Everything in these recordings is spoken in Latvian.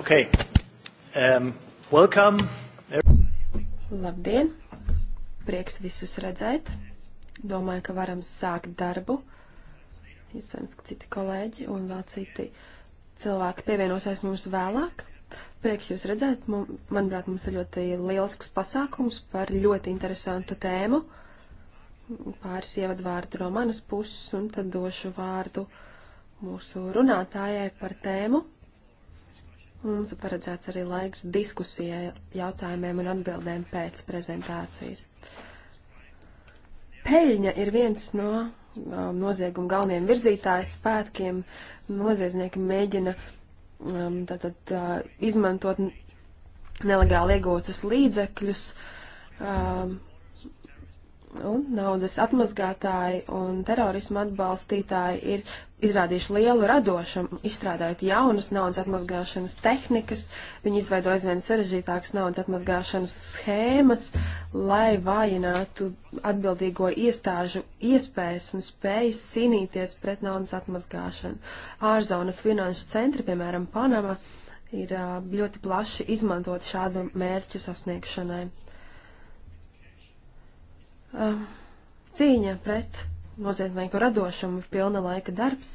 Okay. Um, welcome. Labdien! Prieks visus redzēt. Domāju, ka varam sākt darbu. Iespējams, ka citi kolēģi un vēl citi cilvēki pievienosies mums vēlāk. Prieks jūs redzēt. Man, manuprāt, mums ir ļoti lielsks pasākums par ļoti interesantu tēmu. Pāris ievadvārdi no manas puses un tad došu vārdu mūsu runātājai par tēmu Mums ir paredzēts arī laiks diskusijai, jautājumiem un atbildēm pēc prezentācijas. Peļņa ir viens no um, nozieguma galvenajiem virzītāju spēkiem. Noziedznieki mēģina um, tātad, uh, izmantot nelegāli iegūtus līdzekļus, um, un naudas atmazgātāji un terorisma atbalstītāji ir izrādījuši lielu radošumu, izstrādājot jaunas naudas atmazgāšanas tehnikas, viņi izveido aizvien sarežģītākas naudas atmazgāšanas schēmas, lai vājinātu atbildīgo iestāžu iespējas un spējas cīnīties pret naudas atmazgāšanu. Ārzonas finanšu centri, piemēram, Panama, ir ļoti plaši izmantot šādu mērķu sasniegšanai. Um, cīņa pret noziedznieku radošumu ir pilna laika darbs,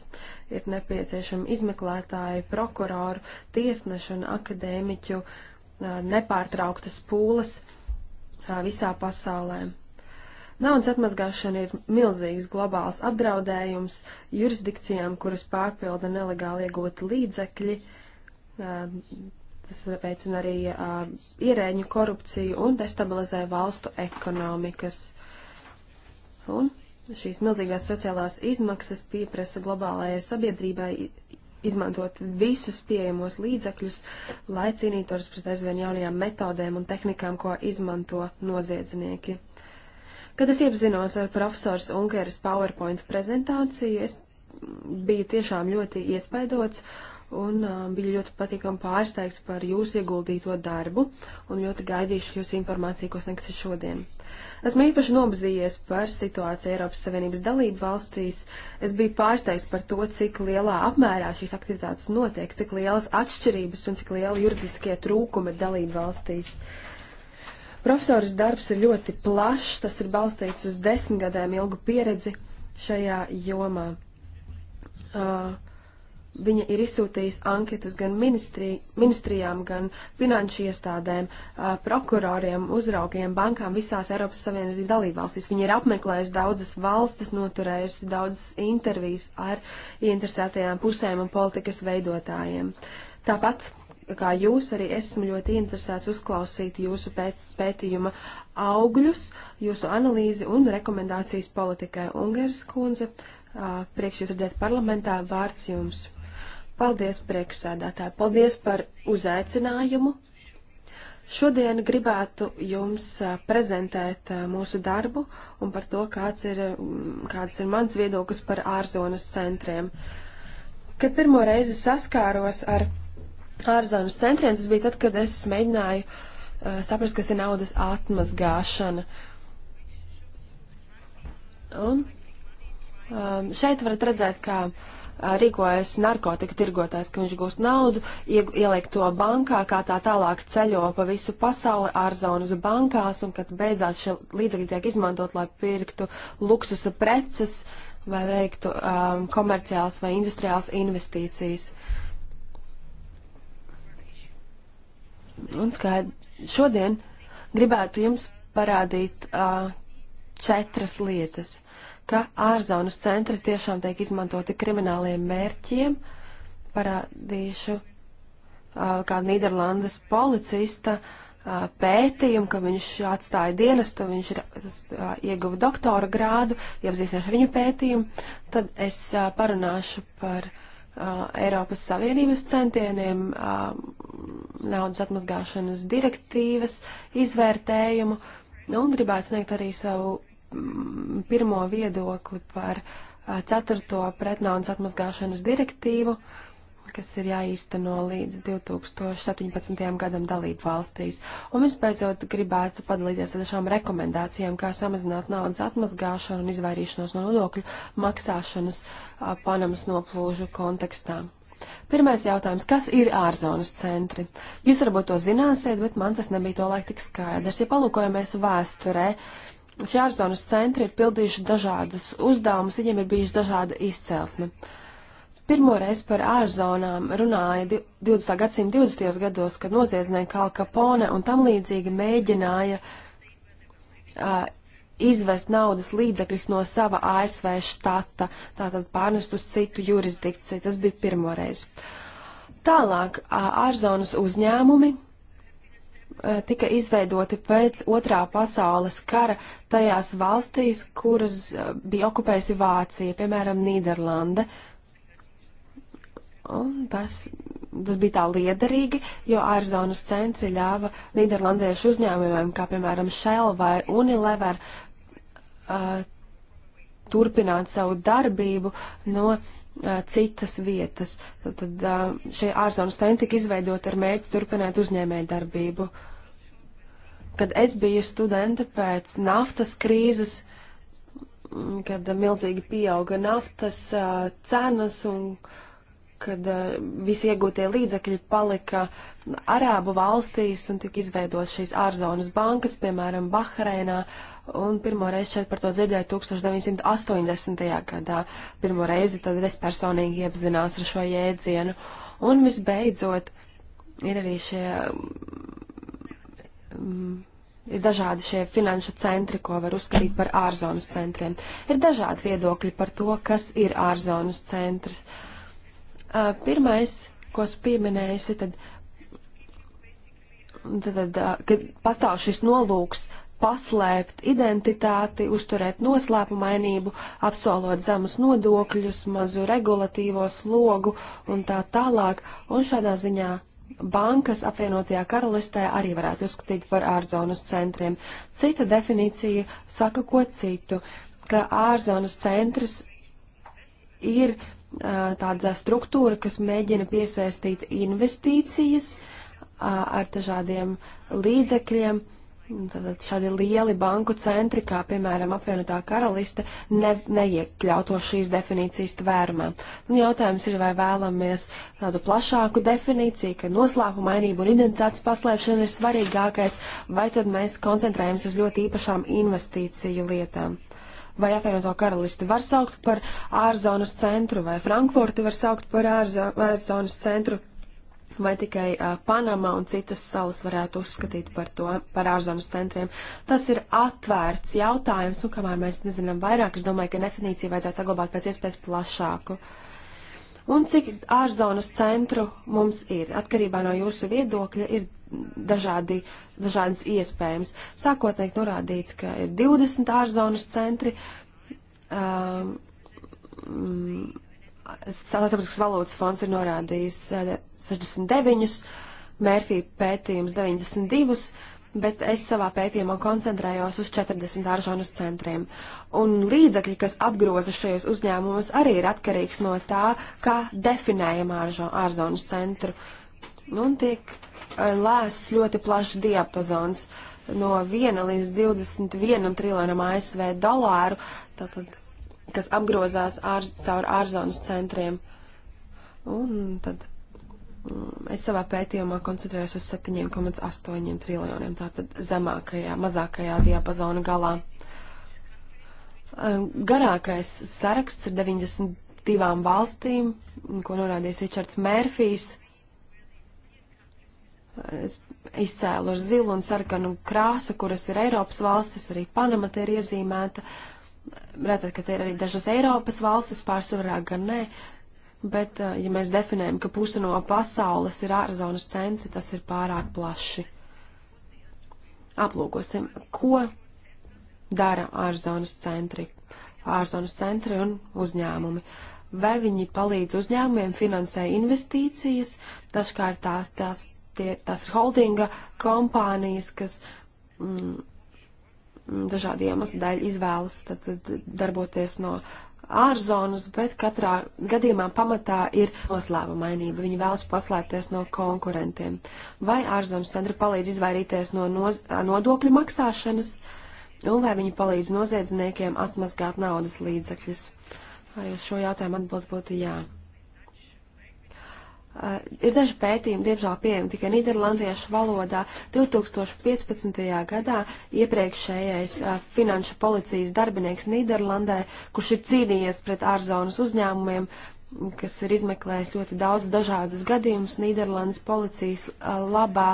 ir nepieciešama izmeklētāju, prokuroru, tiesnešu un akadēmiķu uh, nepārtrauktas pūles uh, visā pasaulē. Naudas atmazgāšana ir milzīgs globāls apdraudējums jurisdikcijām, kuras pārpilda nelegāli iegūti līdzekļi. Um, tas veicina arī uh, ierēģu korupciju un destabilizē valstu ekonomikas. Un šīs milzīgās sociālās izmaksas pieprasa globālajai sabiedrībai izmantot visus pieejamos līdzekļus, lai cīnītos pret aizvien jaunajām metodēm un tehnikām, ko izmanto noziedznieki. Kad es iepazinos ar profesors Unkeras PowerPoint prezentāciju, es biju tiešām ļoti iespaidots un um, bija ļoti patīkami pārsteigts par jūsu ieguldīto darbu un ļoti gaidīšu jūsu informāciju, ko sniegsiet šodien. Esmu īpaši nobazījies par situāciju Eiropas Savienības dalību valstīs. Es biju pārsteigts par to, cik lielā apmērā šīs aktivitātes notiek, cik lielas atšķirības un cik liela juridiskie trūkumi ir dalību valstīs. Profesoras darbs ir ļoti plašs, tas ir balstīts uz desmit gadiem ilgu pieredzi šajā jomā. Uh, Viņa ir izsūtījusi anketas gan ministri, ministrijām, gan finanšu iestādēm, prokuroriem, uzraugiem, bankām visās Eiropas Savienības dalībvalstīs. Viņa ir apmeklējusi daudzas valstis, noturējusi daudzas intervijas ar ieinteresētajām pusēm un politikas veidotājiem. Tāpat kā jūs, arī esmu ļoti interesēts uzklausīt jūsu pēt, pētījuma augļus, jūsu analīzi un rekomendācijas politikai. Ungaras kundze, priekš jūs redzēt parlamentā, vārds jums. Paldies, priekšsēdētāji! Paldies par uzaicinājumu! Šodien gribētu jums prezentēt mūsu darbu un par to, kāds ir, kāds ir mans viedoklis par ārzonas centriem. Kad pirmo reizi saskāros ar ārzonas centriem, tas bija tad, kad es mēģināju saprast, kas ir naudas atmazgāšana. Un šeit varat redzēt, kā uh, rīkojas narkotika tirgotājs, ka viņš gūst naudu, ieliek to bankā, kā tā tālāk ceļo pa visu pasauli ārzonas bankās, un kad beidzās šie līdzekļi tiek izmantot, lai pirktu luksusa preces vai veiktu um, komerciāls vai industriāls investīcijas. Un skaidri, šodien gribētu jums parādīt uh, četras lietas ka ārzonas centri tiešām tiek izmantoti krimināliem mērķiem. Parādīšu kā Nīderlandes policista pētījumu, ka viņš atstāja dienestu, viņš ir ieguva doktora grādu, iepazīstināšu viņu pētījumu. Tad es parunāšu par Eiropas Savienības centieniem, naudas atmazgāšanas direktīvas izvērtējumu un gribētu sniegt arī savu pirmo viedokli par ceturto pretnaudas atmazgāšanas direktīvu, kas ir jāīsteno līdz 2017. gadam dalību valstīs. Un vispēcot gribētu padalīties ar dažām rekomendācijām, kā samazināt naudas atmazgāšanu un izvairīšanos no nodokļu maksāšanas Panamas noplūžu kontekstā. Pirmais jautājums, kas ir ārzonas centri? Jūs varbūt to zināsiet, bet man tas nebija to laik tik skaidrs. Ja palūkojamies vēsturē, uh, Jārzonas centri ir pildījuši dažādas uzdevumus, viņiem ir bijuši dažāda izcelsme. Pirmoreiz par ārzonām runāja 20. gadsimta 20. gados, kad noziedznieki kā Kapone un tam līdzīgi mēģināja uh, izvest naudas līdzekļus no sava ASV štata, tātad pārnest uz citu jurisdikciju. Tas bija pirmoreiz. Tālāk ārzonas uzņēmumi Eh, tika izveidoti pēc otrā pasaules kara tajās valstīs, kuras eh, bija okupējusi Vācija, piemēram, Nīderlanda. Un tas, tas bija tā liederīgi, jo ārzonas centri ļāva Nīderlandiešu uzņēmumiem, kā piemēram Shell vai Unilever, uh, turpināt savu darbību no uh, citas vietas. Tad šie ārzonas tenti tika izveidoti ar mēģi turpināt uzņēmēju darbību. Kad es biju studente pēc naftas krīzes, kad milzīgi pieauga naftas cenas un kad visi iegūtie līdzekļi palika Arābu valstīs un tika izveidot šīs ārzonas bankas, piemēram, Bahreinā, uh, Un pirmo reizi šeit par to dzirdēju 1980. gadā. Pirmo reizi tad es personīgi iepazinās ar šo jēdzienu. Un visbeidzot, ir arī šie, mm, ir dažādi šie finanšu centri, ko var uzskatīt par ārzonas centriem. Ir dažādi viedokļi par to, kas ir ārzonas centrs. Uh, pirmais, ko es pieminējusi, tad. Tad, tad, kad pastāv šis nolūks paslēpt identitāti, uzturēt noslēpumainību, apsolot zemus nodokļus, mazu regulatīvo slogu un tā tālāk. Un šādā ziņā bankas apvienotajā karalistē arī varētu uzskatīt par ārzonas centriem. Cita definīcija saka ko citu, ka ārzonas centrs ir uh, tāda struktūra, kas mēģina piesaistīt investīcijas uh, ar dažādiem līdzekļiem, uh, Tātad šādi lieli banku centri, kā piemēram apvienotā karaliste, ne, neiekļauto šīs definīcijas tvērumā. Un jautājums ir, vai vēlamies tādu plašāku definīciju, ka noslēpuma mainība un identitātes paslēpšana ir svarīgākais, vai tad mēs koncentrējamies uz ļoti īpašām investīciju lietām. Vai apvienoto karalisti var saukt par ārzonas centru, vai Frankfurti var saukt par ārzonas centru, vai tikai uh, Panama un citas salas varētu uzskatīt par to, par ārzonas centriem. Tas ir atvērts jautājums, un kamēr mēs nezinām vairāk, es domāju, ka definīciju vajadzētu saglabāt pēc iespējas plašāku. Un cik ārzonas centru mums ir? Atkarībā no jūsu viedokļa ir dažādi, dažādas iespējams. Sākotnēji norādīts, ka ir 20 ārzonas centri. Um, mm, Starptautiskas valūtas fonds ir norādījis 69, eh, Mērfī pētījums 92, bet es savā pētījumā koncentrējos uz 40 aržonas centriem. Un līdzekļi, kas apgroza šajos uzņēmumus, arī ir atkarīgs no tā, kā definējam ārzonas centru. Un tiek eh, lēsts ļoti plašs diapazons no 1 līdz 21 triljonam ASV dolāru. Tātad kas apgrozās ār, caur ārzonas centriem. Un tad mm, es savā pētījumā koncentrējos uz 7,8 triljoniem, tātad zemākajā, mazākajā diapazona galā. Garākais saraksts ir 92 valstīm, ko norādījis Ričards Mērfijs. Es izcēlu ar zilu un sarkanu krāsu, kuras ir Eiropas valstis, arī Panama te ir iezīmēta. Uh, redzat, ka te ir arī dažas Eiropas valstis, pārsvarā gan nē, bet, ja mēs definējam, ka puse no pasaules ir ārzonas centri, tas ir pārāk plaši. Aplūkosim, ko dara ārzonas centri, ārzonas centri un uzņēmumi. Vai viņi palīdz uzņēmumiem finansē investīcijas, dažkārt tās, tās, tie, tās ir holdinga kompānijas, kas mm, dažādu iemeslu dēļ izvēlas tad, darboties no ārzonas, bet katrā gadījumā pamatā ir noslēpumainība. Viņi vēlas paslēpties no konkurentiem. Vai ārzonas centri palīdz izvairīties no noz, nodokļu maksāšanas, un vai viņi palīdz noziedzniekiem atmazgāt naudas līdzekļus? Arī uz šo jautājumu atbild būtu jā. Uh, ir daži pētījumi, diemžēl pieejami tikai nīderlandiešu valodā. 2015. gadā iepriekšējais uh, finanšu policijas darbinieks Nīderlandē, kurš ir cīnījies pret ārzonas uzņēmumiem, kas ir izmeklējis ļoti daudz dažādus gadījumus Nīderlandes policijas uh, labā.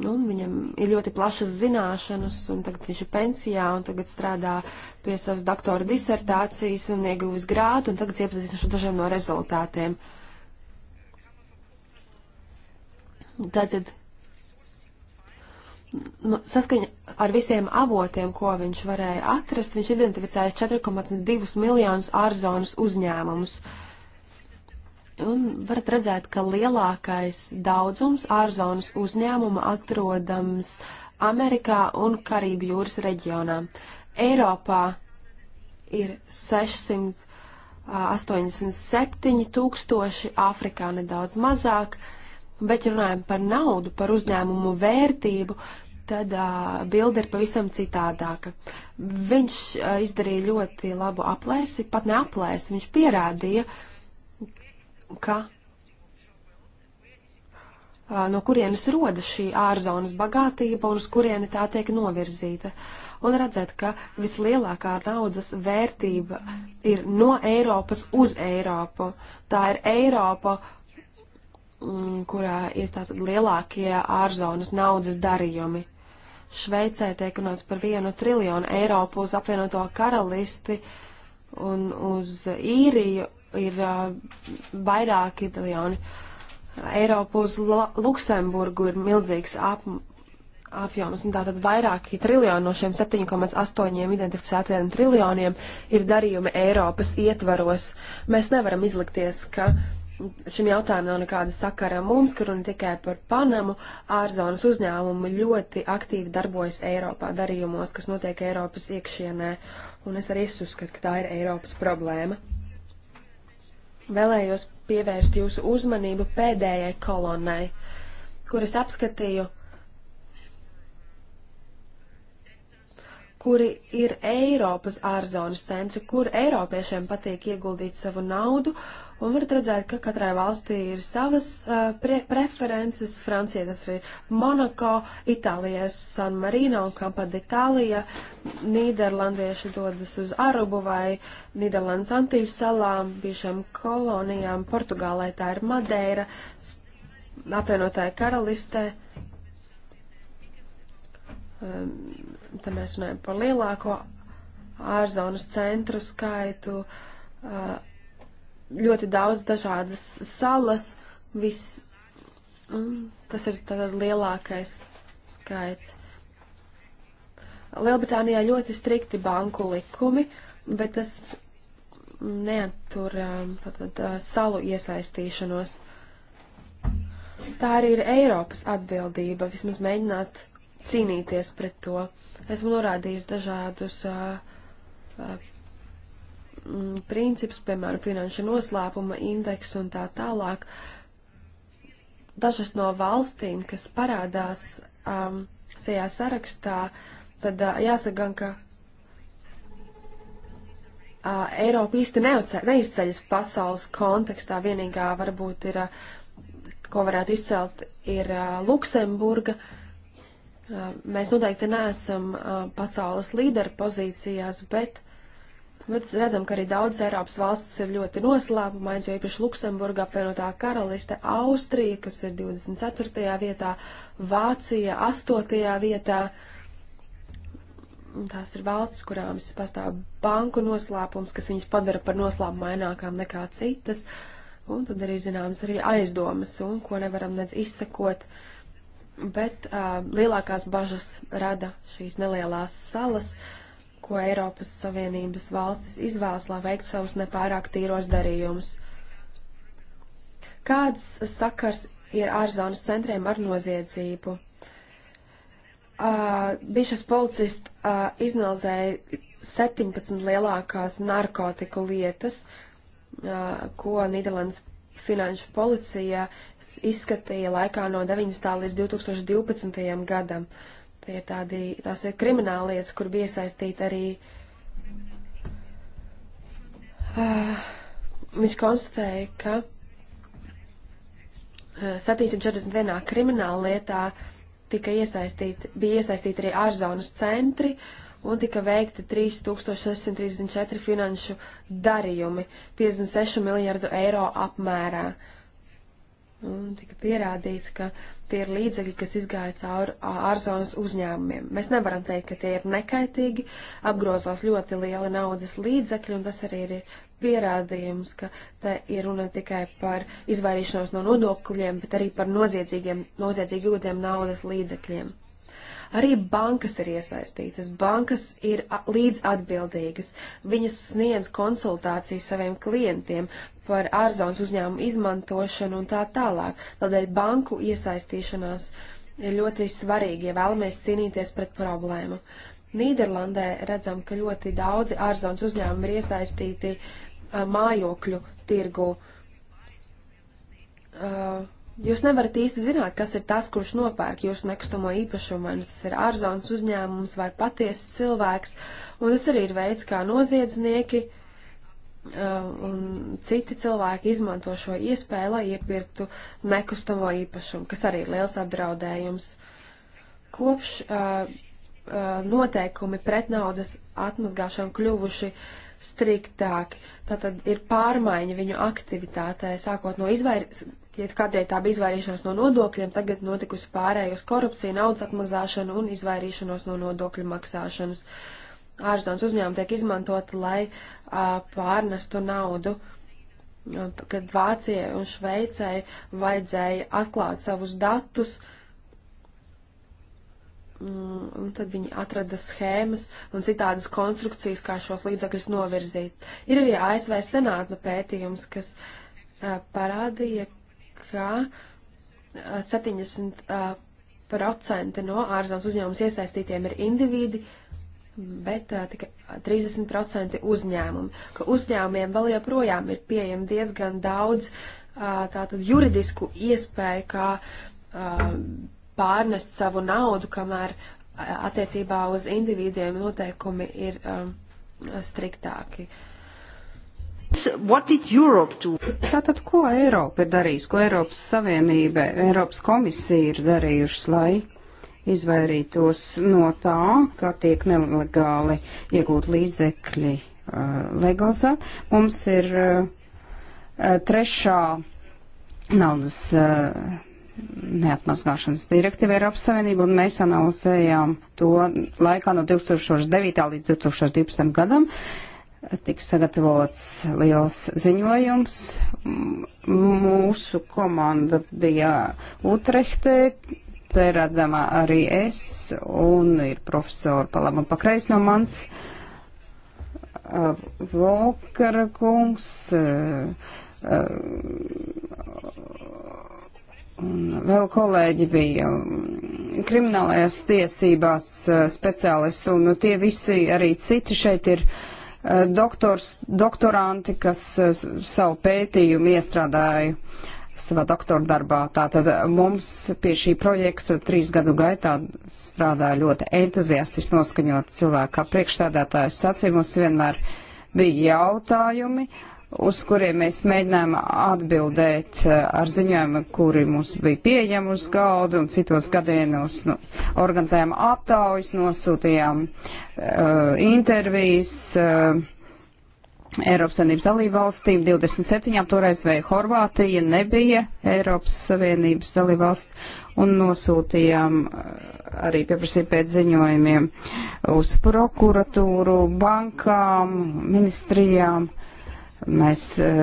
Nu, viņam ir ļoti plašas zināšanas, un tagad viņš ir pensijā, un tagad strādā pie savas doktora disertācijas, un ieguvis grādu, un tagad iepazīstināšu dažiem no rezultātiem. Uh, Tātad nu, saskaņa ar visiem avotiem, ko viņš varēja atrast, viņš identificēja 4,2 miljonus ārzonas uzņēmumus. Un varat redzēt, ka lielākais daudzums ārzonas uzņēmuma atrodams Amerikā un Karību jūras reģionā. Eiropā ir 687 tūkstoši, Āfrikā nedaudz mazāk, Bet, ja runājam par naudu, par uzņēmumu vērtību, tad uh, bilde ir pavisam citādāka. Viņš uh, izdarīja ļoti labu aplēsi, pat ne aplēsi, viņš pierādīja, ka uh, no kurienes rodas šī ārzonas bagātība un uz kurieni tā tiek novirzīta. Un redzēt, ka vislielākā naudas vērtība ir no Eiropas uz Eiropu. Tā ir Eiropa, Mm, kurā ir tātad lielākie ārzonas naudas darījumi. Šveicē tiek runāts par vienu triljonu eiro uz apvienoto karalisti un uz īriju ir vairāki triljoni. Eiropu uz Luksemburgu ir milzīgs ap, apjoms, un tātad vairāki triljoni no šiem 7,8 identificētajiem triljoniem ir darījumi Eiropas ietvaros. Mēs nevaram izlikties, ka uh, šim jautājumam nav nekāda sakara mums, ka runa tikai par Panamu. Ārzonas uzņēmumi ļoti aktīvi darbojas Eiropā darījumos, kas notiek Eiropas iekšienē, un es arī uzskatu, ka tā ir Eiropas problēma. Vēlējos pievērst jūsu uzmanību pēdējai kolonnai, kuras apskatīju, kuri ir Eiropas ārzonas centri, kur Eiropiešiem patīk ieguldīt savu naudu, uh, Un varat redzēt, ka katrai valstī ir savas uh, pre preferences. Francija tas ir Monako, Itālijas San Marino un Kampa d'Itālija. Nīderlandieši dodas uz Arubu vai Nīderlandes Antīvu salām, bijušām kolonijām. Portugālē tā ir Madeira, apvienotāja karalistē. Um, ehm, te mēs runājam par lielāko ārzonas centru skaitu. Uh, ļoti daudz dažādas salas. Viss, mm, tas ir tāds lielākais skaits. Lielbritānijā ļoti strikti banku likumi, bet tas neatur um, tātad, uh, salu iesaistīšanos. Tā arī ir Eiropas atbildība, vismaz mēģināt cīnīties pret to. Esmu norādījis dažādus uh, uh, Mm, principus, piemēram, finanšu noslēpuma indeksu un tā tālāk. Dažas no valstīm, kas parādās um, šajā sarakstā, tad uh, jāsaka gan, ka uh, Eiropa īsti neizceļas pasaules kontekstā. Vienīgā varbūt ir, uh, ko varētu izcelt, ir uh, Luksemburga. Uh, mēs noteikti neesam uh, pasaules līderu pozīcijās, bet Mēs redzam, ka arī daudzas Eiropas valstis ir ļoti noslēpumains, jo īpaši Luksemburga, apvienotā karaliste, Austrija, kas ir 24. vietā, Vācija 8. vietā. Tās ir valstis, kurām pastāv banku noslēpums, kas viņas padara par noslēpumainākām nekā citas. Un tad arī zināms arī aizdomas, un ko nevaram nedz izsekot. Bet uh, lielākās bažas rada šīs nelielās salas. Uh, ko Eiropas Savienības valstis izvēlas, lai veiktu savus nepārāk tīros darījumus. Kāds sakars ir ārzonas centriem ar noziedzību? Uh, bišas policisti uh, iznalizēja 17 lielākās narkotiku lietas, uh, ko Nīderlandes finanšu policija izskatīja laikā no 90. līdz 2012. gadam. Uh, Tie ir tādi, tās ir krimināla lietas, kur bija iesaistīta arī. Uh, viņš konstatēja, ka uh, eh, 741. krimināla lietā tika iesaistīti, bija iesaistīti arī ārzonas centri un tika veikti 3634 finanšu darījumi 56 miljardu eiro apmērā. Uh, Un tika pierādīts, ka tie ir līdzekļi, kas izgāja cauri ārzonas uzņēmumiem. Mēs nevaram teikt, ka tie ir nekaitīgi, apgrozās ļoti lieli naudas līdzekļi, un tas arī ir pierādījums, ka te ir runa tikai par izvairīšanos no nodokļiem, bet arī par noziedzīgiem, noziedzīgi jūtiem naudas līdzekļiem. Arī bankas ir iesaistītas, bankas ir līdz atbildīgas. Viņas sniedz konsultācijas saviem klientiem par ārzonas uzņēmumu izmantošanu un tā tālāk. Tādēļ banku iesaistīšanās ir ļoti svarīgi, ja vēlamies cīnīties pret problēmu. Nīderlandē redzam, ka ļoti daudzi ārzonas uzņēmumi ir iesaistīti mājokļu tirgu. Uh, Jūs nevarat īsti zināt, kas ir tas, kurš nopērk jūsu nekustamo īpašumu, vai nu tas ir ārzonas uzņēmums vai patiesas cilvēks, un tas arī ir veids, kā noziedznieki uh, un citi cilvēki izmanto šo iespēju, lai iepirktu nekustamo īpašumu, kas arī ir liels apdraudējums. Kopš uh, uh, noteikumi pret naudas atmazgāšanu kļuvuši striktāki, tātad ir pārmaiņa viņu aktivitātē, sākot no izvairīšanas ja kādreiz tā bija izvairīšanās no nodokļiem, tagad notikusi pārēj uz korupciju, naudas atmazgāšanu un izvairīšanos no nodokļu maksāšanas. Ārzonas uzņēmumi tiek izmantoti, lai a, pārnestu naudu, a, nu, kad Vācijai un Šveicai vajadzēja atklāt savus datus, mm, un tad viņi atrada schēmas un citādas konstrukcijas, kā šos līdzakļus novirzīt. Ir arī ASV senātna pētījums, kas a, parādīja, ka 70% no ārzonas uzņēmumus iesaistītiem ir individi, bet tikai 30% uzņēmumi. Ka uzņēmumiem vēl joprojām ir pieejami diezgan daudz tātad juridisku iespēju, kā pārnest savu naudu, kamēr attiecībā uz individiem noteikumi ir striktāki. Uh, Tātad, ko Eiropa ir darījusi, ko Eiropas Savienība, Eiropas komisija ir darījušas, lai izvairītos no tā, ka tiek nelegāli iegūt līdzekļi uh, legalizēt? Mums ir uh, uh trešā naudas uh, neatmazgāšanas direktīva Eiropas Savienība, un mēs analizējām to laikā no 2009. līdz 2012. gadam. Uh, tiks sagatavots liels ziņojums. Mūsu komanda bija Utrehtē, te redzama arī es, un ir profesori pa labi un pa kreis no mans. Volkara kungs, un vēl kolēģi bija um, kriminālajās tiesībās uh, speciālisti, un nu, tie visi arī citi šeit ir uh, Eh, doktors, doktoranti, kas eh, savu pētījumu iestrādāja savā doktora darbā. Tātad mums pie šī projekta trīs gadu gaitā strādāja ļoti entuziastiski noskaņot cilvēku. Kā priekšstādātājs sacīja, mums vienmēr bija jautājumi, uh, uz kuriem mēs mēģinājām atbildēt eh, ar ziņojumu, kuri mums bija pieejami uz galda, un citos gadienos nu, organizējām aptaujas, nosūtījām uh, intervijas. Uh, Eiropas Savienības dalībvalstīm 27. toreiz vai Horvātija nebija Eiropas Savienības dalībvalsts un nosūtījām arī pieprasīja pēc ziņojumiem uz prokuratūru, bankām, ministrijām Mēs eh,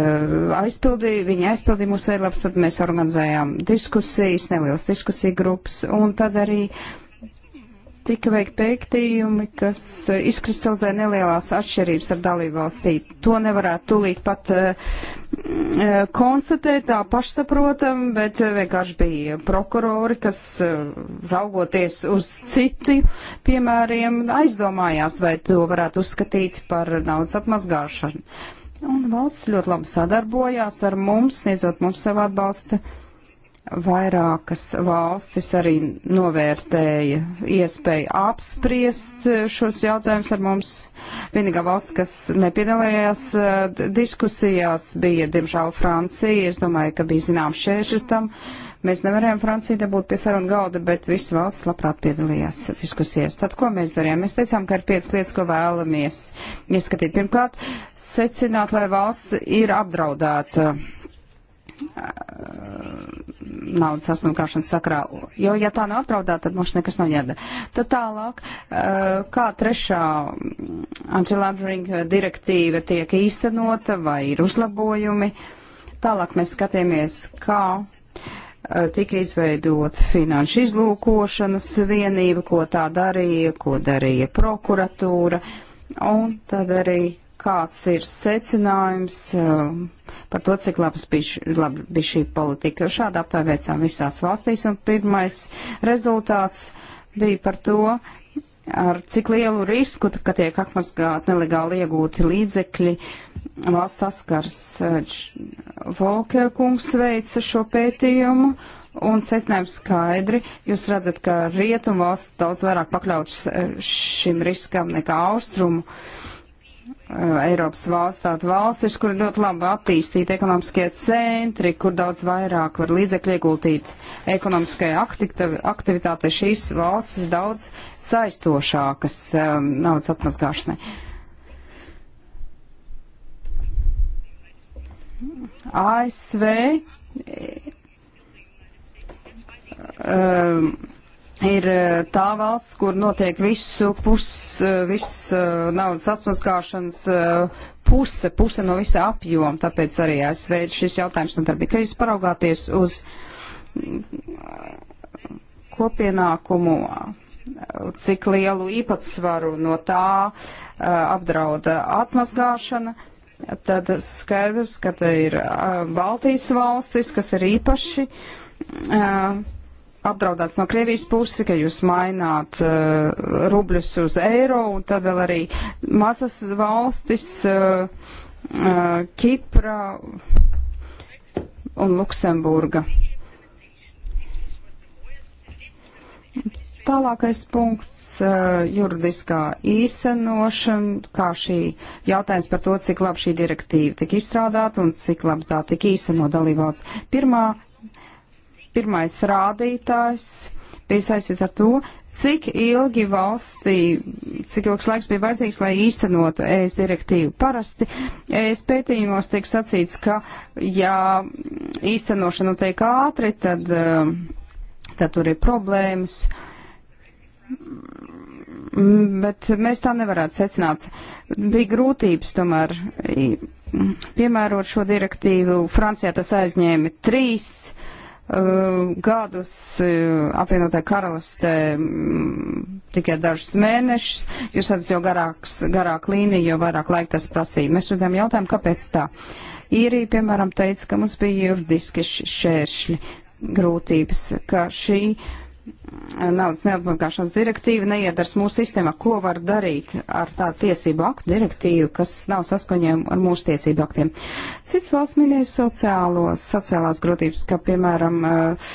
aizpildījām, viņi aizpildīja mūsu veidlaps, tad mēs organizējām diskusijas, nelielas diskusiju grupas, un tad arī tika veikt pētījumi, kas eh, izkristalizē nelielās atšķirības ar dalību valstī. To nevarētu tūlīt pat uh, konstatēt tā pašsaprotam, bet vienkārši bija prokurori, kas uh, raugoties uz citu piemēriem aizdomājās, vai to varētu uzskatīt par naudas apmazgāšanu. Un valsts ļoti labi sadarbojās ar mums, sniedzot mums savu atbalstu. Vairākas valstis arī novērtēja iespēju apspriest šos jautājumus ar mums. Vienīgā valsts, kas nepiedalījās eh, diskusijās, bija, diemžēl, Francija. Es domāju, ka bija zināms šēžas tam. Uh, Mēs nevarējām Franciju dabūt pie sarunu galda, bet visas valsts labprāt piedalījās diskusijās. Tad ko mēs darījām? Mēs teicām, ka ir piecas lietas, ko vēlamies ieskatīt. Pirmkārt, secināt, vai valsts ir apdraudēta uh, naudas atmazgāšanas sakrā. Jo, ja tā nav apdraudēta, tad mums nekas nav jādara. Tad tālāk, uh, kā trešā mm, anti-laundering direktīva tiek īstenota vai ir uzlabojumi. Tālāk mēs skatāmies, kā Eh, tika izveidot finanšu izlūkošanas vienība, ko tā darīja, ko darīja prokuratūra, un tad arī kāds ir secinājums eh, par to, cik labs bija, labi bija šī politika. Šādā aptā veicām visās valstīs, un pirmais rezultāts bija par to, ar cik lielu risku, ka tiek apmazgāti nelegāli iegūti līdzekļi, uh, valsts saskars. Eh, Volker kungs veica šo pētījumu un secinājums skaidri. Jūs redzat, ka rietumu valsts daudz vairāk pakļauts eh, šim riskam nekā austrumu. Eh, Eiropas valsts tāda valstis, kur ir ļoti labi attīstīti ekonomiskie centri, kur daudz vairāk var līdzekļu ieguldīt ekonomiskajai aktivitātei, šīs valstis daudz saistošākas um, naudas atmazgāšanai. Uh, ASV um, ir uh, tā valsts, kur notiek visu pus, uh, viss uh, naudas atmaskāšanas puse, puse no visa apjoma, tāpēc arī ASV šis jautājums nodarbina. Kad jūs paraugāties uz kopienākumu, cik lielu īpatsvaru no tā apdrauda atmazgāšana, tad skaidrs, ka te ir Baltijas valstis, kas ir īpaši apdraudēts no Krievijas pusi, ka jūs maināt rubļus uz eiro, un tad vēl arī mazas valstis, Kipra un Luksemburga. Tālākais punkts eh, - juridiskā īstenošana, kā šī jautājums par to, cik labi šī direktīva tika izstrādāta un cik labi tā tika īsteno dalībvalsts. Pirmā, pirmais rādītājs bija saistīts ar to, cik ilgi valstī, cik ilgs laiks bija vajadzīgs, lai īstenotu ES direktīvu. Parasti ES pētījumos tiek sacīts, ka ja īstenošana tiek ātri, tad, eh, tad tur ir problēmas. Uh, Mm, bet mēs tā nevarētu secināt. Bija grūtības tomēr piemērot šo direktīvu. Francijā tas aizņēma trīs uh, gadus, uh, apvienotā karalistē um, tikai dažus mēnešus. Jūs esat jau garāks, garāk līnija, jo vairāk laika tas prasīja. Mēs uzdevām jautājumu, kāpēc tā. Īrija, piemēram, teica, ka mums bija juridiski šķēršļi grūtības, ka šī uh, naudas neatmazgāšanas direktīva neiedars mūsu sistēmā. Ko var darīt ar tā tiesību aktu direktīvu, kas nav saskaņojama ar mūsu tiesību aktiem? Cits valsts minēja sociālo, sociālās grūtības, ka, piemēram, eh,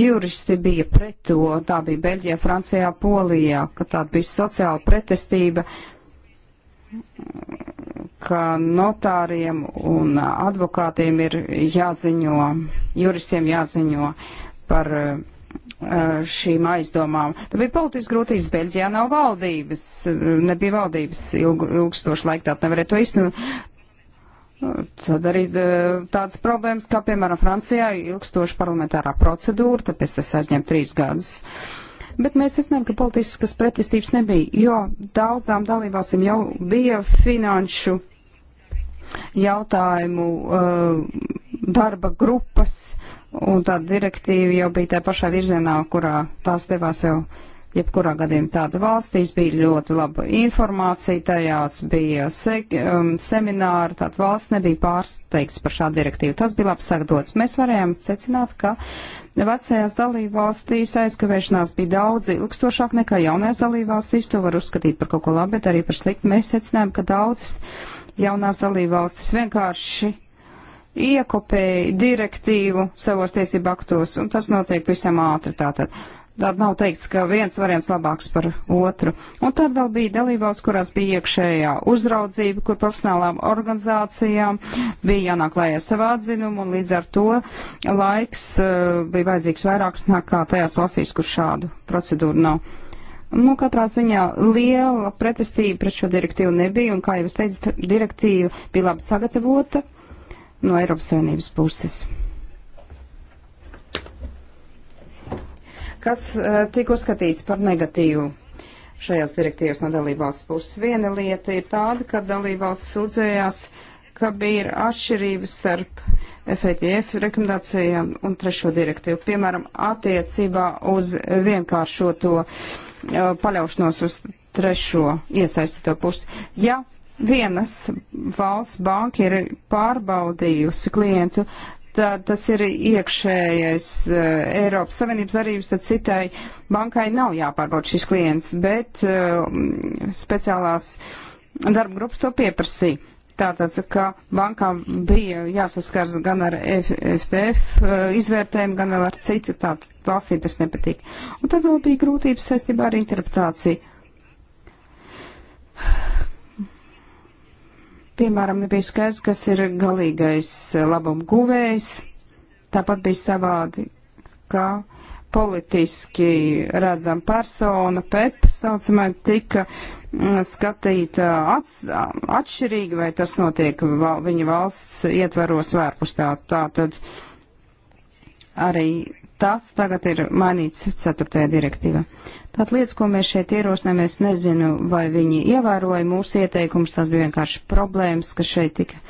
juristi bija pret to, tā bija Beļģijā, Francijā, Polijā, ka tāda bija sociāla pretestība ka notāriem un advokātiem ir jāziņo, juristiem jāziņo par uh, šīm aizdomām. Tā bija politiski grūtības. Beļģijā nav valdības, nebija valdības ilg, ilgstoši laika, tā nevarēja to īstenot. Tad arī tādas problēmas, kā piemēram Francijā, ilgstoša parlamentārā procedūra, tāpēc tas aizņem trīs gadus. Bet mēs secinām, ka politiskas pretestības nebija, jo daudzām dalībvalstīm jau bija finanšu jautājumu darba grupas, Un tā direktīva jau bija tā pašā virzienā, kurā tās devās jau jebkurā gadījumā tāda valstīs. Bija ļoti laba informācija, tajās bija se, um, semināri, tāda valsts nebija pārsteigts par šādu direktīvu. Tas bija labi sagatavots. Mēs varējām secināt, ka vecajās dalībvalstīs aizkavēšanās bija daudz ilgstošāk nekā jaunajās dalībvalstīs. To var uzskatīt par kaut ko labu, bet arī par sliktu. Mēs secinājām, ka daudzas jaunās dalībvalstis vienkārši iekopēja direktīvu savos tiesību aktos, un tas notiek visam ātri tātad. Tad nav teikts, ka viens variants labāks par otru. Un tad vēl bija dalībvalsts, kurās bija iekšējā uzraudzība, kur profesionālām organizācijām bija jānāk lējā savā atzinumu, un līdz ar to laiks uh, bija vajadzīgs vairāks nekā tajās valstīs, kur šādu procedūru nav. Nu, katrā ziņā liela pretestība pret šo direktīvu nebija, un, kā jau es teicu, direktīva bija labi sagatavota, no Eiropas Savienības puses. Kas eh, tika uzskatīts par negatīvu šajās direktīvas no dalībvalsts puses? Viena lieta ir tāda, ka dalībvalsts sūdzējās, ka bija atšķirības starp FATF e rekomendācijām un trešo direktīvu, piemēram, attiecībā uz vienkāršoto eh, paļaušanos uz trešo iesaistīto pusi. Ja vienas valsts banka ir pārbaudījusi klientu, tad tas ir iekšējais uh, Eiropas Savienības darījums, tad citai bankai nav jāpārbauda šis klients, bet uh, speciālās darba grupas to pieprasīja. Tātad, ka bankām bija jāsaskars gan ar FTF eh, izvērtējumu, gan vēl ar citu, tātad valstīm tas nepatīk. Un tad vēl bija grūtības saistībā ar interpretāciju Piemēram, nebija skaidrs, kas ir galīgais eh, labuma guvējs. Tāpat bija savādi, ka politiski redzam persona, PEP saucamai, tika mm, skatīta ats, atšķirīgi, vai tas notiek val, viņa valsts ietveros vērpus tā. Tātad arī tas tagad ir mainīts 4. direktīva. Tāt lietas, ko mēs šeit ierosinām, es nezinu, vai viņi ievēroja mūsu ieteikumus, tas bija vienkārši problēmas, kas šeit tika